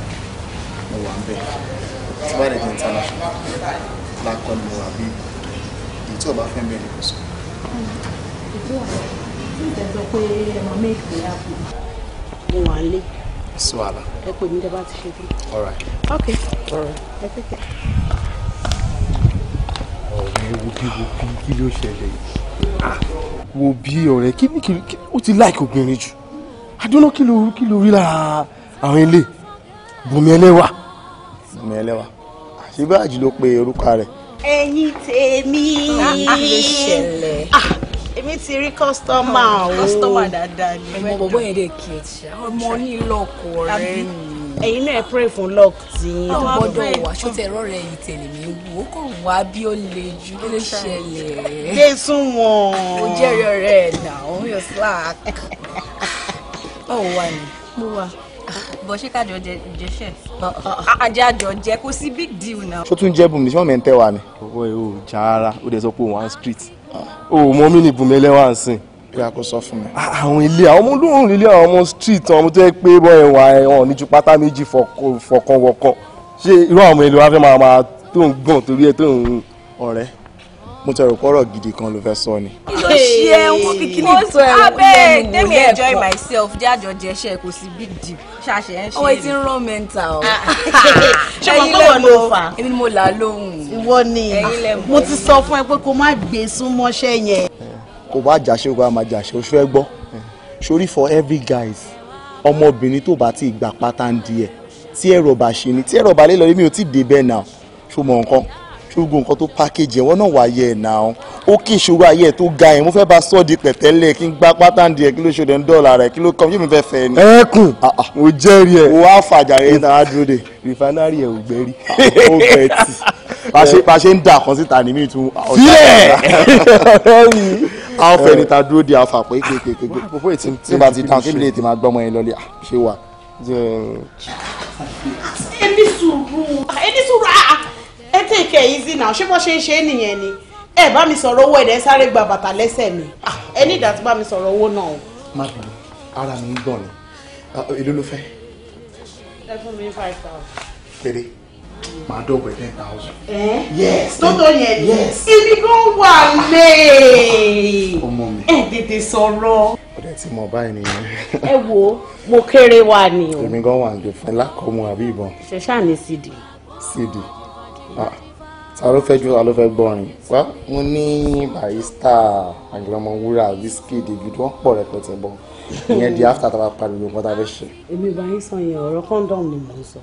mo wà ń bẹ̀ tó bá dẹ̀ jẹ́ international lákọ́ ni mo wà bí èyí tí ò bá fẹ́ bẹ̀ ni kò sọ. ìjọba hmm. ìjọba pé ẹ̀mọ́ méjì á kú. mo wà ń sí wàhálà. ẹ pè mí dábàá ti ṣe dé. all right. ok ẹ tẹ́kẹ̀. ọ̀rẹ́ wo bí wo bí kí ló ṣẹlẹ̀ yìí ah, wo bí ọ̀rẹ́ kí ni kí ó ti láìkí obìnrin jù adúná kí ló kí ló rí lára àwọn ilé bùnmi ẹlẹ́wà bùnmi ẹlẹ́wà àṣebáàjì ló pe orúkọ rẹ̀. ẹ̀yin tèmi. Ah, ah, kí ló ṣẹlẹ̀ èmi ti rí kọ́sítọ́mà oh, o kọ́sítọ́mà dáadáa ni ọmọ bọ̀bọ̀ yẹn dẹ̀ kí ẹ ti ṣe ọmọ ní lọ́ọ̀kù ọ̀rẹ́ mi ẹ̀yin náà pray fún lọ́ọ̀kù tí tó gbọ́dọ̀ wà ṣọ́tẹ̀rọ̀ rẹ̀ yìí tẹ̀lé mi wò ó kàn wá bí ó le ju kí ló ṣẹlẹ̀ dé sún wọn ó jẹ́rìí ọ̀rẹ́ ẹ̀ náà ó yọ slack báwo wà ní. mo wà bọ̀ ṣé kájọ jẹ ṣẹ̀. ajé àjọ jẹ kó sí big deal náà. ṣó tún jẹ́ bùnmi ṣé wọ́n mẹ́ ń tẹ́ wa ni. owó ẹ̀ ò já ara ó dẹ̀ sọ pé òun á street o mọ mí ní bùnmi ẹlẹ́wà ń sìn. ìyá kò sọ fún mi. Ah, àwọn ilé àwọn ọmọ olóhùn ilé àwọn ọmọ street àwọn ọmọ tó yẹ pé bọ́ ẹ̀wà ẹ̀wọ̀n níjú pátá méjì fọkànwọ̀kan ṣé irú àwọn ọmọ ẹlẹ́wà fẹ́ máa máa tó ń gbọ̀n torí ẹ̀ tó ń ọ̀rẹ́ mo tẹ rò pọ́rọ̀ gidi kan ló fẹ́ sọ ni. kí ló ṣe é wọn kékeré tó ẹ wọn lẹ́nu lẹ́nu mi enjoy myself jájọ jẹṣẹ kò sí big deal ṣàṣẹ ẹ ṣe. ọwọ́ etí ń rán mental. Ah, ah, ah. ṣé wọn kọ́ wọn ló fà. èmi ni mo là á lóhùn. ìwọ ni mo ti sọ fún ẹ pé kó má gbé súnmọ́ṣẹ́ yẹn. kò bá jàṣe kó bá máa jàṣe oṣù ẹ gbọ́ sórí for every guys ọmọbìnrin tó bá ti gbà pátá ń di ẹ tí ẹ̀rọ bá ṣe ni tí ẹ̀rọ bá lé lọ rí mi ò tí ì dé bẹ́ẹ̀ náà ṣùgbọ́n nǹkan ṣùgbọ́n nǹkan tó package ẹ̀wọ́n náà wà yẹ ẹ̀ náà ó kì í ṣòro ayé ẹ̀ tó ga ẹ̀ mo fẹ́ bá sọ́ di pẹ̀tẹ́lẹ̀ kí n gbá pátánì ẹ̀ kí ló ṣòdẹ̀ ń dọ́là rẹ̀ kí ló kọ́ ṣé mi fẹ́ fẹ́ ni. ẹkùn ah, ah. mo jẹ́rìí ẹ̀. wàá fàjà rẹ̀ náà dúró de. rìfánárì ẹ̀ ò gbẹ́rí. Ah, ó bẹ̀ tì bá ṣe ń dà kan síta ní mí tún. fílẹ̀ àwọn fẹ́ni ta dúró de àwọn fàpẹ́ kékeré. tí bá ti tàn kí mi lè ti máa gbọ́mọ yẹn lọ́lẹ̀ ṣé wà. ẹni sùúrù ẹni sùúrù à ẹ take it easy now ṣé bó ṣe ń ṣe é nìyẹn ni ẹ bá mi sọ̀rọ̀ owó ẹ̀dẹ̀ sáré gba bàtà lẹ́sẹ̀ mi ah, ẹ ní ìdá tí bá mi sọ̀rọ̀ owó náà o. má bínú ara mi ń gbọ̀n ni ah, èló ló fẹ́. ẹ fún mi five thousand. péré màá dọ̀wọ̀ ten thousand. yes tó tó yẹn ni ibi kan wà lẹ́ẹ̀. ọmọ mi ẹ tètè sọ̀rọ̀. ọ̀dẹ̀ tí mo bá ènìyàn. ẹ wo mo kéré wa ni o. èmi gan wà ní fún ẹ lákọ̀ọ́mù àbí ìbọn. ṣe ṣáà ní cd. cd. Ah, ta ló fẹ́ jó ta ló fẹ́ gbọ́rin wá mo ní barista àgbẹ̀mọ wúrà wíṣkì david wọ́n pọ̀ rẹpẹtẹ bọ́ ìyẹn di after tá a bá parí gbogbo tá a fẹ́ ṣe. èmi bá yín sọ yẹn ọ̀rọ̀ condom ni mò ń sọ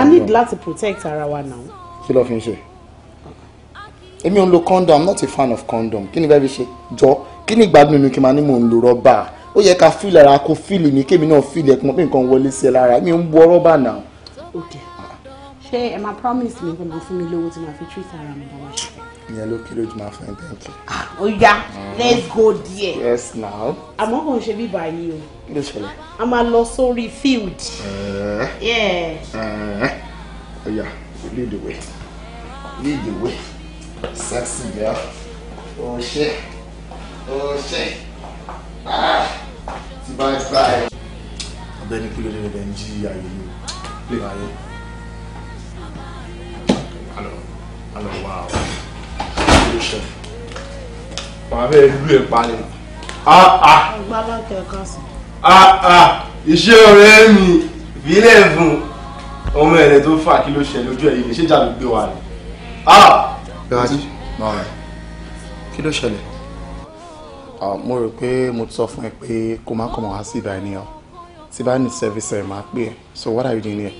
i need láti protect ara wa now. kí ló fi ń ṣe èmi ò ń lo condom not a fan of condom kí ni bẹ́ẹ̀ fi ṣe jọ kí ni ìgbádùn inú kí n máa ní mò ń lo rọ́bà ó yẹ ká fíìlì ara kó fíìlì mi kémi náà fíìlì ẹ̀kún pé nǹkan wọlé sí ẹ lára èmi ń bu rọ́bà náà. okay ṣé ẹ máa promise mi pé máa fún mi lówó tí màá fi treat ara mi bá wá ṣe. ìyẹn ló kí lójú máa fún thank you. Ah, ó yá let's go there. yes now. àmọ́ kò ń ṣe bí báyìí o. kí ló ṣẹlẹ̀. a máa lọ sórí field. Eh. Eh. ó lead the way lead the way sexy girl ó ṣe ó ṣe ti bá ẹ bá ẹ. ọbẹ̀ ni kí ló dé lọ́dẹ̀ ń jí ayò mi lè alọ alọ wa o ló ṣe màá bẹ́ẹ̀ lú ẹ̀ pa ah ah ah ah iṣẹ́ ọ̀rẹ́ mi ìbílẹ̀ fún ọmọ ẹ̀rẹ̀ tó fà kí ló ṣe lójú ẹ̀ yìí ṣéjà ló gbé wa ni ah. Bẹ́wájú náà rẹ̀ kí ló ṣẹlẹ̀? Ah, mo rò pé mo sọ fún ẹ pé kó má kọ̀ mọ́ wá sí ìbá ẹni ọ tí bá ní sẹ́fíìsì ẹ̀ máa pè é so what are you doing here?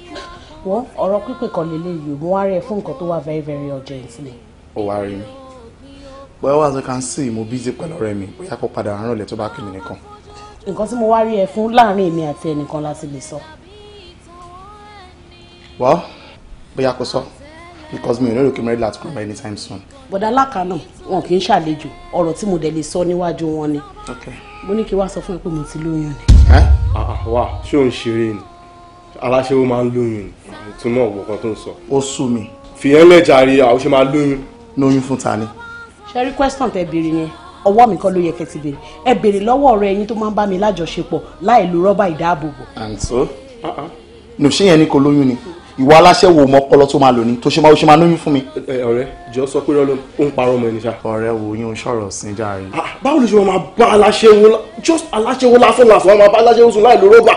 wọ ọ̀rọ̀ pípé kan lélẹ̀ yìí mo wá rí fún nǹkan tó wà very very urgent ni. ó wá rí mi well as I can see mo busy pẹ̀lú ọ̀rẹ́ mi bóyá kó padà rán ọ̀lẹ́ tó bá kí mi nìkan. nǹkan tí mo wá rí ẹ fún láàrin èmi àti ẹnìkan láti lè sọ. well bóyá kó sọ because mi ò lérò kí mary láti kúrò anytime soon. bọ̀dá lákàánà wọn kì í ṣàlejò ọ̀rọ̀ tí mo dẹ̀ lè sọ níwájú wọn ni. mo ní kí wàá sọ fún ẹ pé mo ti lóyún ni. ẹ ah, ah, wà ṣé ò ń ṣeré ni aláṣẹ́wó máa ń lóyún ìtumọ̀ ọ̀gbọ̀n tó ń sọ. ó sú mi. fìyàn lẹ́jà rí àwòṣe máa lóyún. lóyún fún ta ni. ṣe rí question tẹ béèrè yẹn ọwọ́ mi kọ́ ló yẹ kẹ́ ti ẹ béèrè lọ́wọ́ ọ̀rẹ́ yín tó máa ń bá mi lájọṣepọ̀ láì lo rọ́bà ìdáàbòbò. àǹtó ah, ah. nùṣí yẹn ni kò lóyún ni ìwà aláṣẹ́wó mọ ọpọlọ tó máa lò ní tó ṣe máa ó ṣe máa lóyún fún mi. ọ̀rẹ́ jọ sọ pé rọlọ ó ń parọ́ ọmọ ẹni ṣá. ọ̀rẹ́ wo yín o sọ̀rọ̀ sí jàre. Ah, báwo ló ṣe máa bá aláṣẹ́wó just aláṣẹ́wó lásán lásán máa bá aláṣẹ́wó sùn láì lo rọ́bà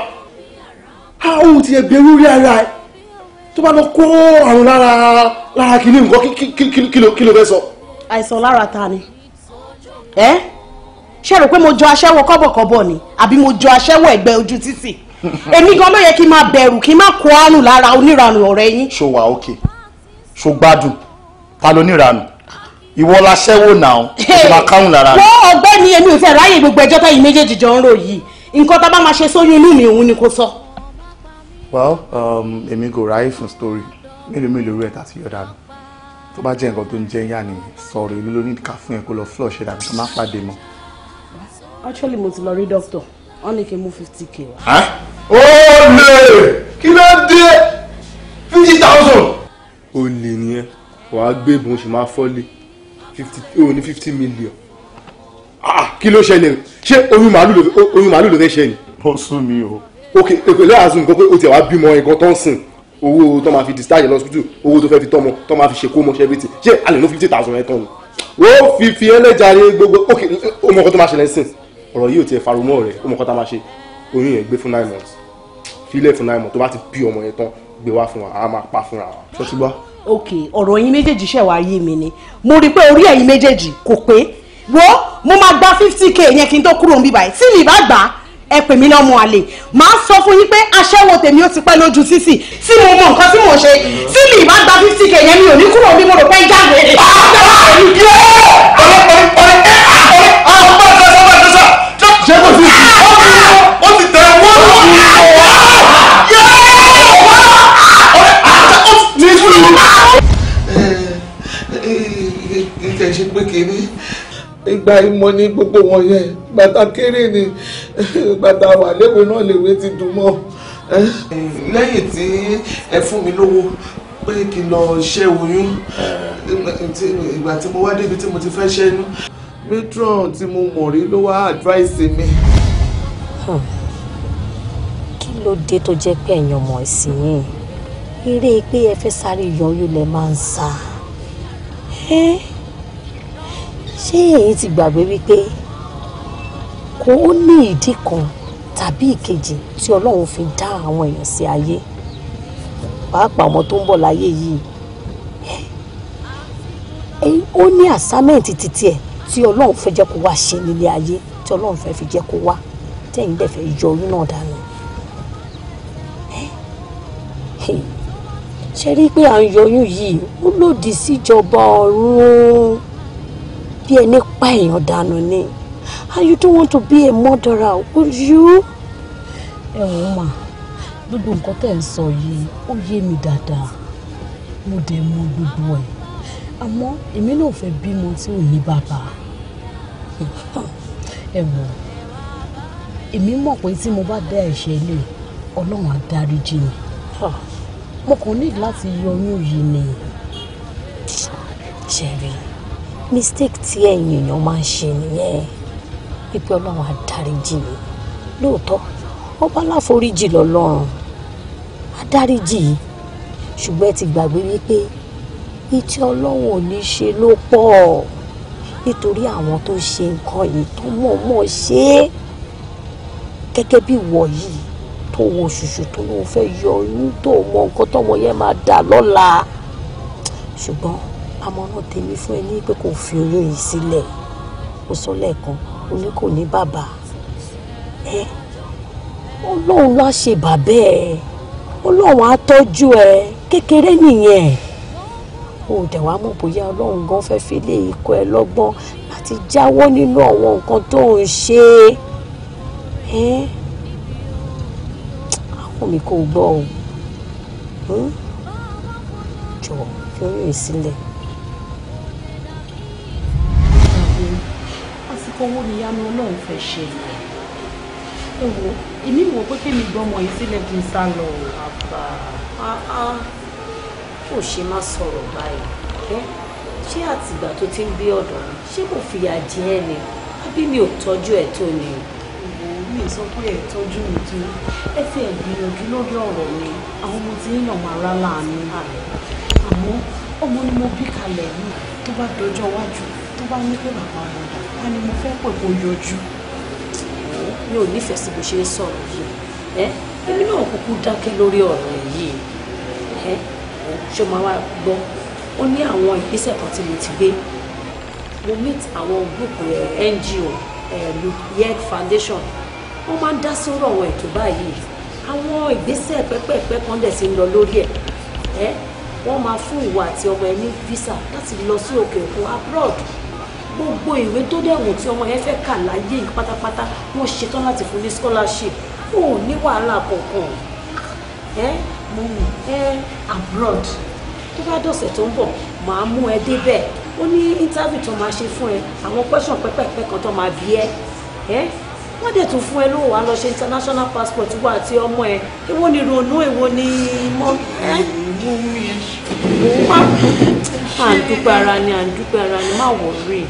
ohun ti ẹgbẹ́ lórí ara ẹ tó bá lọ kó àrùn lára lára kìíní nǹkan kí ló fẹ́ sọ. àìsàn lára ta ni ẹ ṣe rò pé mo jọ aṣẹ́wó kọ́bọ̀kọ́bọ̀ ni àbí mo jọ aṣẹ́wó ẹ̀gbẹ́ ojú títì èmi gan ló yẹ kí n máa bẹ̀rù kí n máa kó àrùn lára oníranù ọ̀rẹ́ yín. ṣó wà ókè ṣó gbádùn ta ló níranù ìwọ laṣẹ́wó náà ó máa kárùn lára. wọ́n ọgbẹ́ni èmi ò fẹ́ ráyè gbogbo ẹjọ́ tẹ́yìn méjèèjì jọ ń rò yìí nǹkan tá a bá máa ṣe sóyún inú mi òun ni kò sọ well um, èmi go ráyè fún story mélòó mélòó rẹ̀ tàbí yọ̀dà nù tó bá jẹ́ nǹkan tó ń jẹ́ yà ni sọ̀rọ̀ ìlú ló ní ká fún ẹ kó lọ flush ẹ̀ dàbí ká má pàdé mọ́. actually mo ti lọ rí doctor wọn ní kí n mú fifty k wá. ó lè kí ló dé fifty thousand. ó lè nìyẹn wàá gbé ìbọn oṣù máa fọ́lé ó ní fifty million ah, kí ló ṣẹlẹ̀ ṣé oyún màálù ló fẹ́ ṣe ni. ó sún mi o ok ìpínlẹ̀ àzùn nǹkan pé o tiẹ̀ wá bímọ nǹkan tó ń sìn owó tó máa fi discharge lọ́sibítù owó tó fẹ́ fi tọ́mọ tó máa fi ṣe kó mọ́ṣẹ́ bìtì ṣé a lè ná fifty thousand ẹ̀ tán ni. ó fi fi ẹlẹ́jà ní gbogbo ok o mọ nǹkan tó máa ṣẹlẹ̀ sìn ọ̀rọ̀ yìí ò tiẹ̀ farumọ́ rẹ̀ ó mọ nǹkan tá a máa ṣe oyún yẹn gbé fún nine months filẹ̀ fún nine months tó bá ti bí ọmọ yẹn tán gbé wá fún wa a máa pa fúnra wa. ṣé ok ọ̀rọ̀ yín méjèèjì ṣẹ̀ wá yé mi mo rí i pé orí ẹ̀yin méjèèjì wo mo máa gba fifty k yẹn kí n tó kúrò níbí báyìí ẹ pè mí lọ́mọ àlè màá sọ fún yín pé aṣẹ́wó tèmi ó ti pẹ́ lójú sísì tí mo mọ nǹkan tí mo ṣe tí mi ìbá gba fifty k yẹn mi ò ní kúrò ní mo rò pé jáde. ó ti tẹ̀ wọ́n. ẹ ẹ ẹ ẹ ṣe pé kiri ìgbà ìmọ̀ ni gbogbo wọn yẹn bàtà kéré ni bàtà wà léwe náà léwe ti dùn mọ́. lẹ́yìn tí ẹ fún mi lówó pé kí n lọ ṣẹ́ oyún ìgbà tí mo wá débi tí mo ti fẹ́ ṣẹ́yún matron tí mo mọ̀ rí ló wá advice mi. Hmm. kí ló dé tó jẹ́ pé ẹ̀yin ọmọ ẹ̀sìn yìí eré pé ẹ fẹ́ sáré yọyún lẹ máa ń sá. Eh? ṣé èyí ti gbàgbé wípé kò ó ní ìdí kan tàbí ìkejì tí ọlọ́run fi dá àwọn èèyàn sí ayé pàápàá ọmọ tó ń bọ̀ láyé yìí ó ní àsámẹ́ǹtì títí ẹ̀ tí ọlọ́run fẹ́ jẹ́ kó wá ṣe nílé ayé tí ọlọ́run fẹ́ fi jẹ́ kó wá tẹ̀yìn dẹ̀ fẹ́ yọ orí náà dànù ṣe rí i pé à ń yọyún yìí ó lòdì síjọba ọ̀run o bí ẹni pa èèyàn dànù ni and you don't want to be a murderer would you. ẹ wò ó mà gbogbo nǹkan tẹ̀ ń sọ yìí ó yé mi dáadáa mo dẹ̀ mọ̀ gbogbo ẹ̀ àmọ́ èmi náà fẹ́ bímọ tí ò ní bàbá ẹ wò èmi mọ̀ pé tí mo bá dá ẹ̀ṣẹ̀ lè ọlọ́run á dáríjì mo kàn ní láti yọyún yìí ni ṣẹ́rí mistake tí ẹ̀yin èèyàn máa ń ṣe nìyẹn wípé ọlọ́run adáríjì mi lóòótọ́ ọba aláforíjì lọ́lọ́run adáríjì yìí ṣùgbọ́n ẹ ti gbàgbé wípé ìtì ọlọ́run ò ní ṣe ló pọ̀ nítorí àwọn tó ṣe nǹkan yìí tó mọ̀ọ́mọ̀ ṣe é gẹ́gẹ́ bí ìwọ yìí tó wo ṣùṣù tó lóun fẹ́ yọ oyún tó mọ nǹkan tọmọ yẹn máa dà lọ́la ṣùgbọ́n àmọ̀ràn tèmi fún ẹ ní pé kò fi oyún yìí sílẹ̀ ó sọ lẹ́ẹ̀kan ó ní kò ní bàbá ẹ ọlọ́run ló ṣe bàbá ẹ ọlọ́run á tọ́jú ẹ kékeré nìyẹn o dẹ̀ wá mọ̀ bóyá ọlọ́run gan fẹ́ fi lè kọ́ ẹ lọ́gbọ́n láti jáwọ́ nínú àwọn nǹkan tó ń ṣe ẹ àwọn mi kò gbọ́ o hm? jọ̀ọ́ fi oyún yìí sílẹ̀. owó ni yánu ọlọ́run fẹ́ ṣe yẹn ẹ wo èmi wò pé kémi gbọ́mọ yìí sílẹ̀ kí n sá lọ o. bàbá ó ṣe má sọ̀rọ̀ báyìí ẹ́ ṣé àtìgbà tó ti ń gbé ọ̀dọ̀ mi ṣé kò fìyà jẹ ẹ́ ni àbí mi ò tọ́jú ẹ̀ tó ni. ìwò mi sọ pé ẹ tọ́jú mi tó ẹ ti ẹ̀ gbìyànjú lórí ọ̀rọ̀ mi àwọn ọmọ tí ń nà máa rá láàánú àmọ́ ọmọ ni mo bí kalẹ̀ yìí tó bá dọjọ́ iwájú tó bá ní pé bàbá wọn nìkan ni mo fẹ́ pè kó yọjú. mi ò nífẹ̀ẹ́ sí bó ṣe ń sọ̀rọ̀ yìí ẹ́ èmi náà kúkú dákẹ́ lórí ọ̀rọ̀ yìí ẹ́ ṣé máa wá gbọ́ ó ní àwọn ìgbésẹ̀ kan tí mo ti gbé mo meet àwọn group eh, NGO eh, yed foundation wọ́n máa ń dá sọ́rọ̀ àwọn ètò báyìí àwọn ìgbésẹ̀ pẹ́pẹ́pẹ́ kan dẹ̀ sí ń lọ lórí ẹ̀ ẹ́ wọ́n máa fún ìwà àti ọmọ ẹni visa láti lọ sí òkè òkun abroad gbogbo ìwé tó dẹ̀wọ̀n tí ọmọ yẹn fẹ́ kà láyé yìí pátápátá wọ́n ṣetán láti fún ní scholarship ó ní wàhálà kankan ẹ mo mú ẹ abroad tó bá dọ̀sẹ̀ tó ń bọ̀ màá mú ẹ débẹ̀ ó ní interview tó máa ṣe fún ẹ àwọn question pẹ́pẹ́pẹ́ kan tó máa bí ẹ ẹ wọ́n dẹ̀ tún fún ẹ lówó wa lọ ṣe international passport wa àti ọmọ ẹ èwo ni ronú èwo ni mọ ẹ. àǹdúgbò ara ni àǹdúgbò ara ni má wọ̀ rí i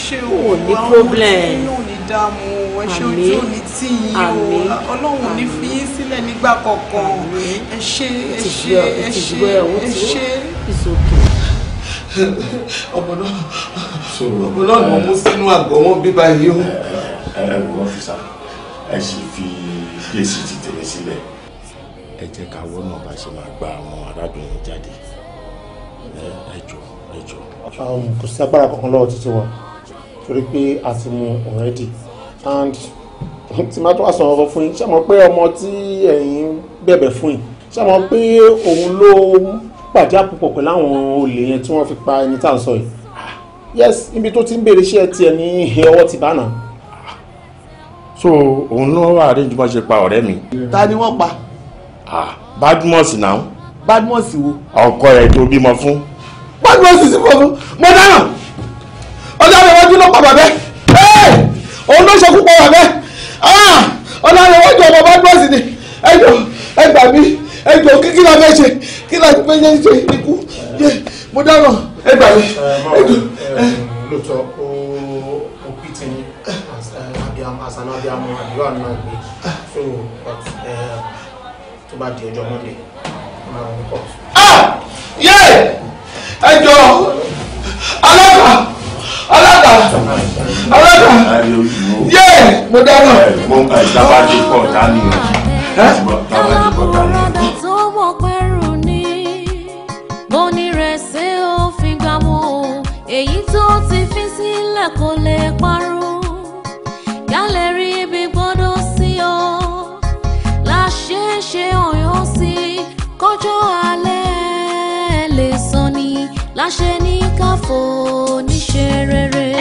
ṣe o ní problem ẹ ṣe ojú òní tí yín o ọlọ́run ní fi yín sílẹ̀ nígbà kọ̀ọ̀kan ẹ ṣe ẹ ṣe ọmọ náà ọmọ náà ni mú sínú àgọ́ wọn bí báyìí o. ẹ ẹ wọ ọfíìsà ẹ sì fi kéèsì ti tẹ̀lé sílẹ̀ ẹ jẹ́ ká wọ́nà bá ṣe máa gba àwọn arábìnrin jáde ẹ jọ ẹ jọ. Um, kò sí agbára kankan lọ́wọ́ títí wa torí pé a ti mu already and tí má tó wá sọ̀rọ̀ ọkọ fún yín ṣé mo pé ọmọ tí ẹ̀yin bẹ̀bẹ̀ fún yín ṣé mo pé òun ló pàjá púpọ̀ pẹ̀lú àwọn olè yẹn tí wọ́n fi pa ẹni tá à ń sọ yìí yes níbi tó ti ń béèrè iṣẹ́ tiẹ̀ ní ihe ọwọ́ ti bá so òun ló wà arrange bó ṣe pa ọ̀rẹ́ mi. ta ni wọ́n pa. ah badmus náà. badmus wo. ọkọ rẹ tó bímọ fún. badmus ti fọ́ fún mo Ọlájú ló pa bàbẹ́ òun ló ṣekú pa bàbẹ́ ah! ọlọ́rẹ̀wájú ọmọ bá dúró sí ni ẹjọ́ ẹgbà mi ẹjọ́ kí la fẹ́ ṣe kí la fẹ́ ṣe ṣe ikú mo dáná ẹgbà mi ẹjọ́. lóòótọ́ o pí ti ní asana abiyamọ àdúrà náà gbé so tó bá di ọjọ́ Monday máa ń kọ́. Ah! ẹ jọ alága ọlọ́dà ọlọ́dà yé mo dáná. mo ń bàjẹ́ tábàdé èyí tó ti fi sílẹ̀ kò lè parun gálẹ́rì ibi gbọ́dọ̀ sí ọ láṣẹ́ṣe ọ̀yọ́ sí kọjọ́ alẹ́ lè sọ ni láṣẹ ní káfọ́ Jerry.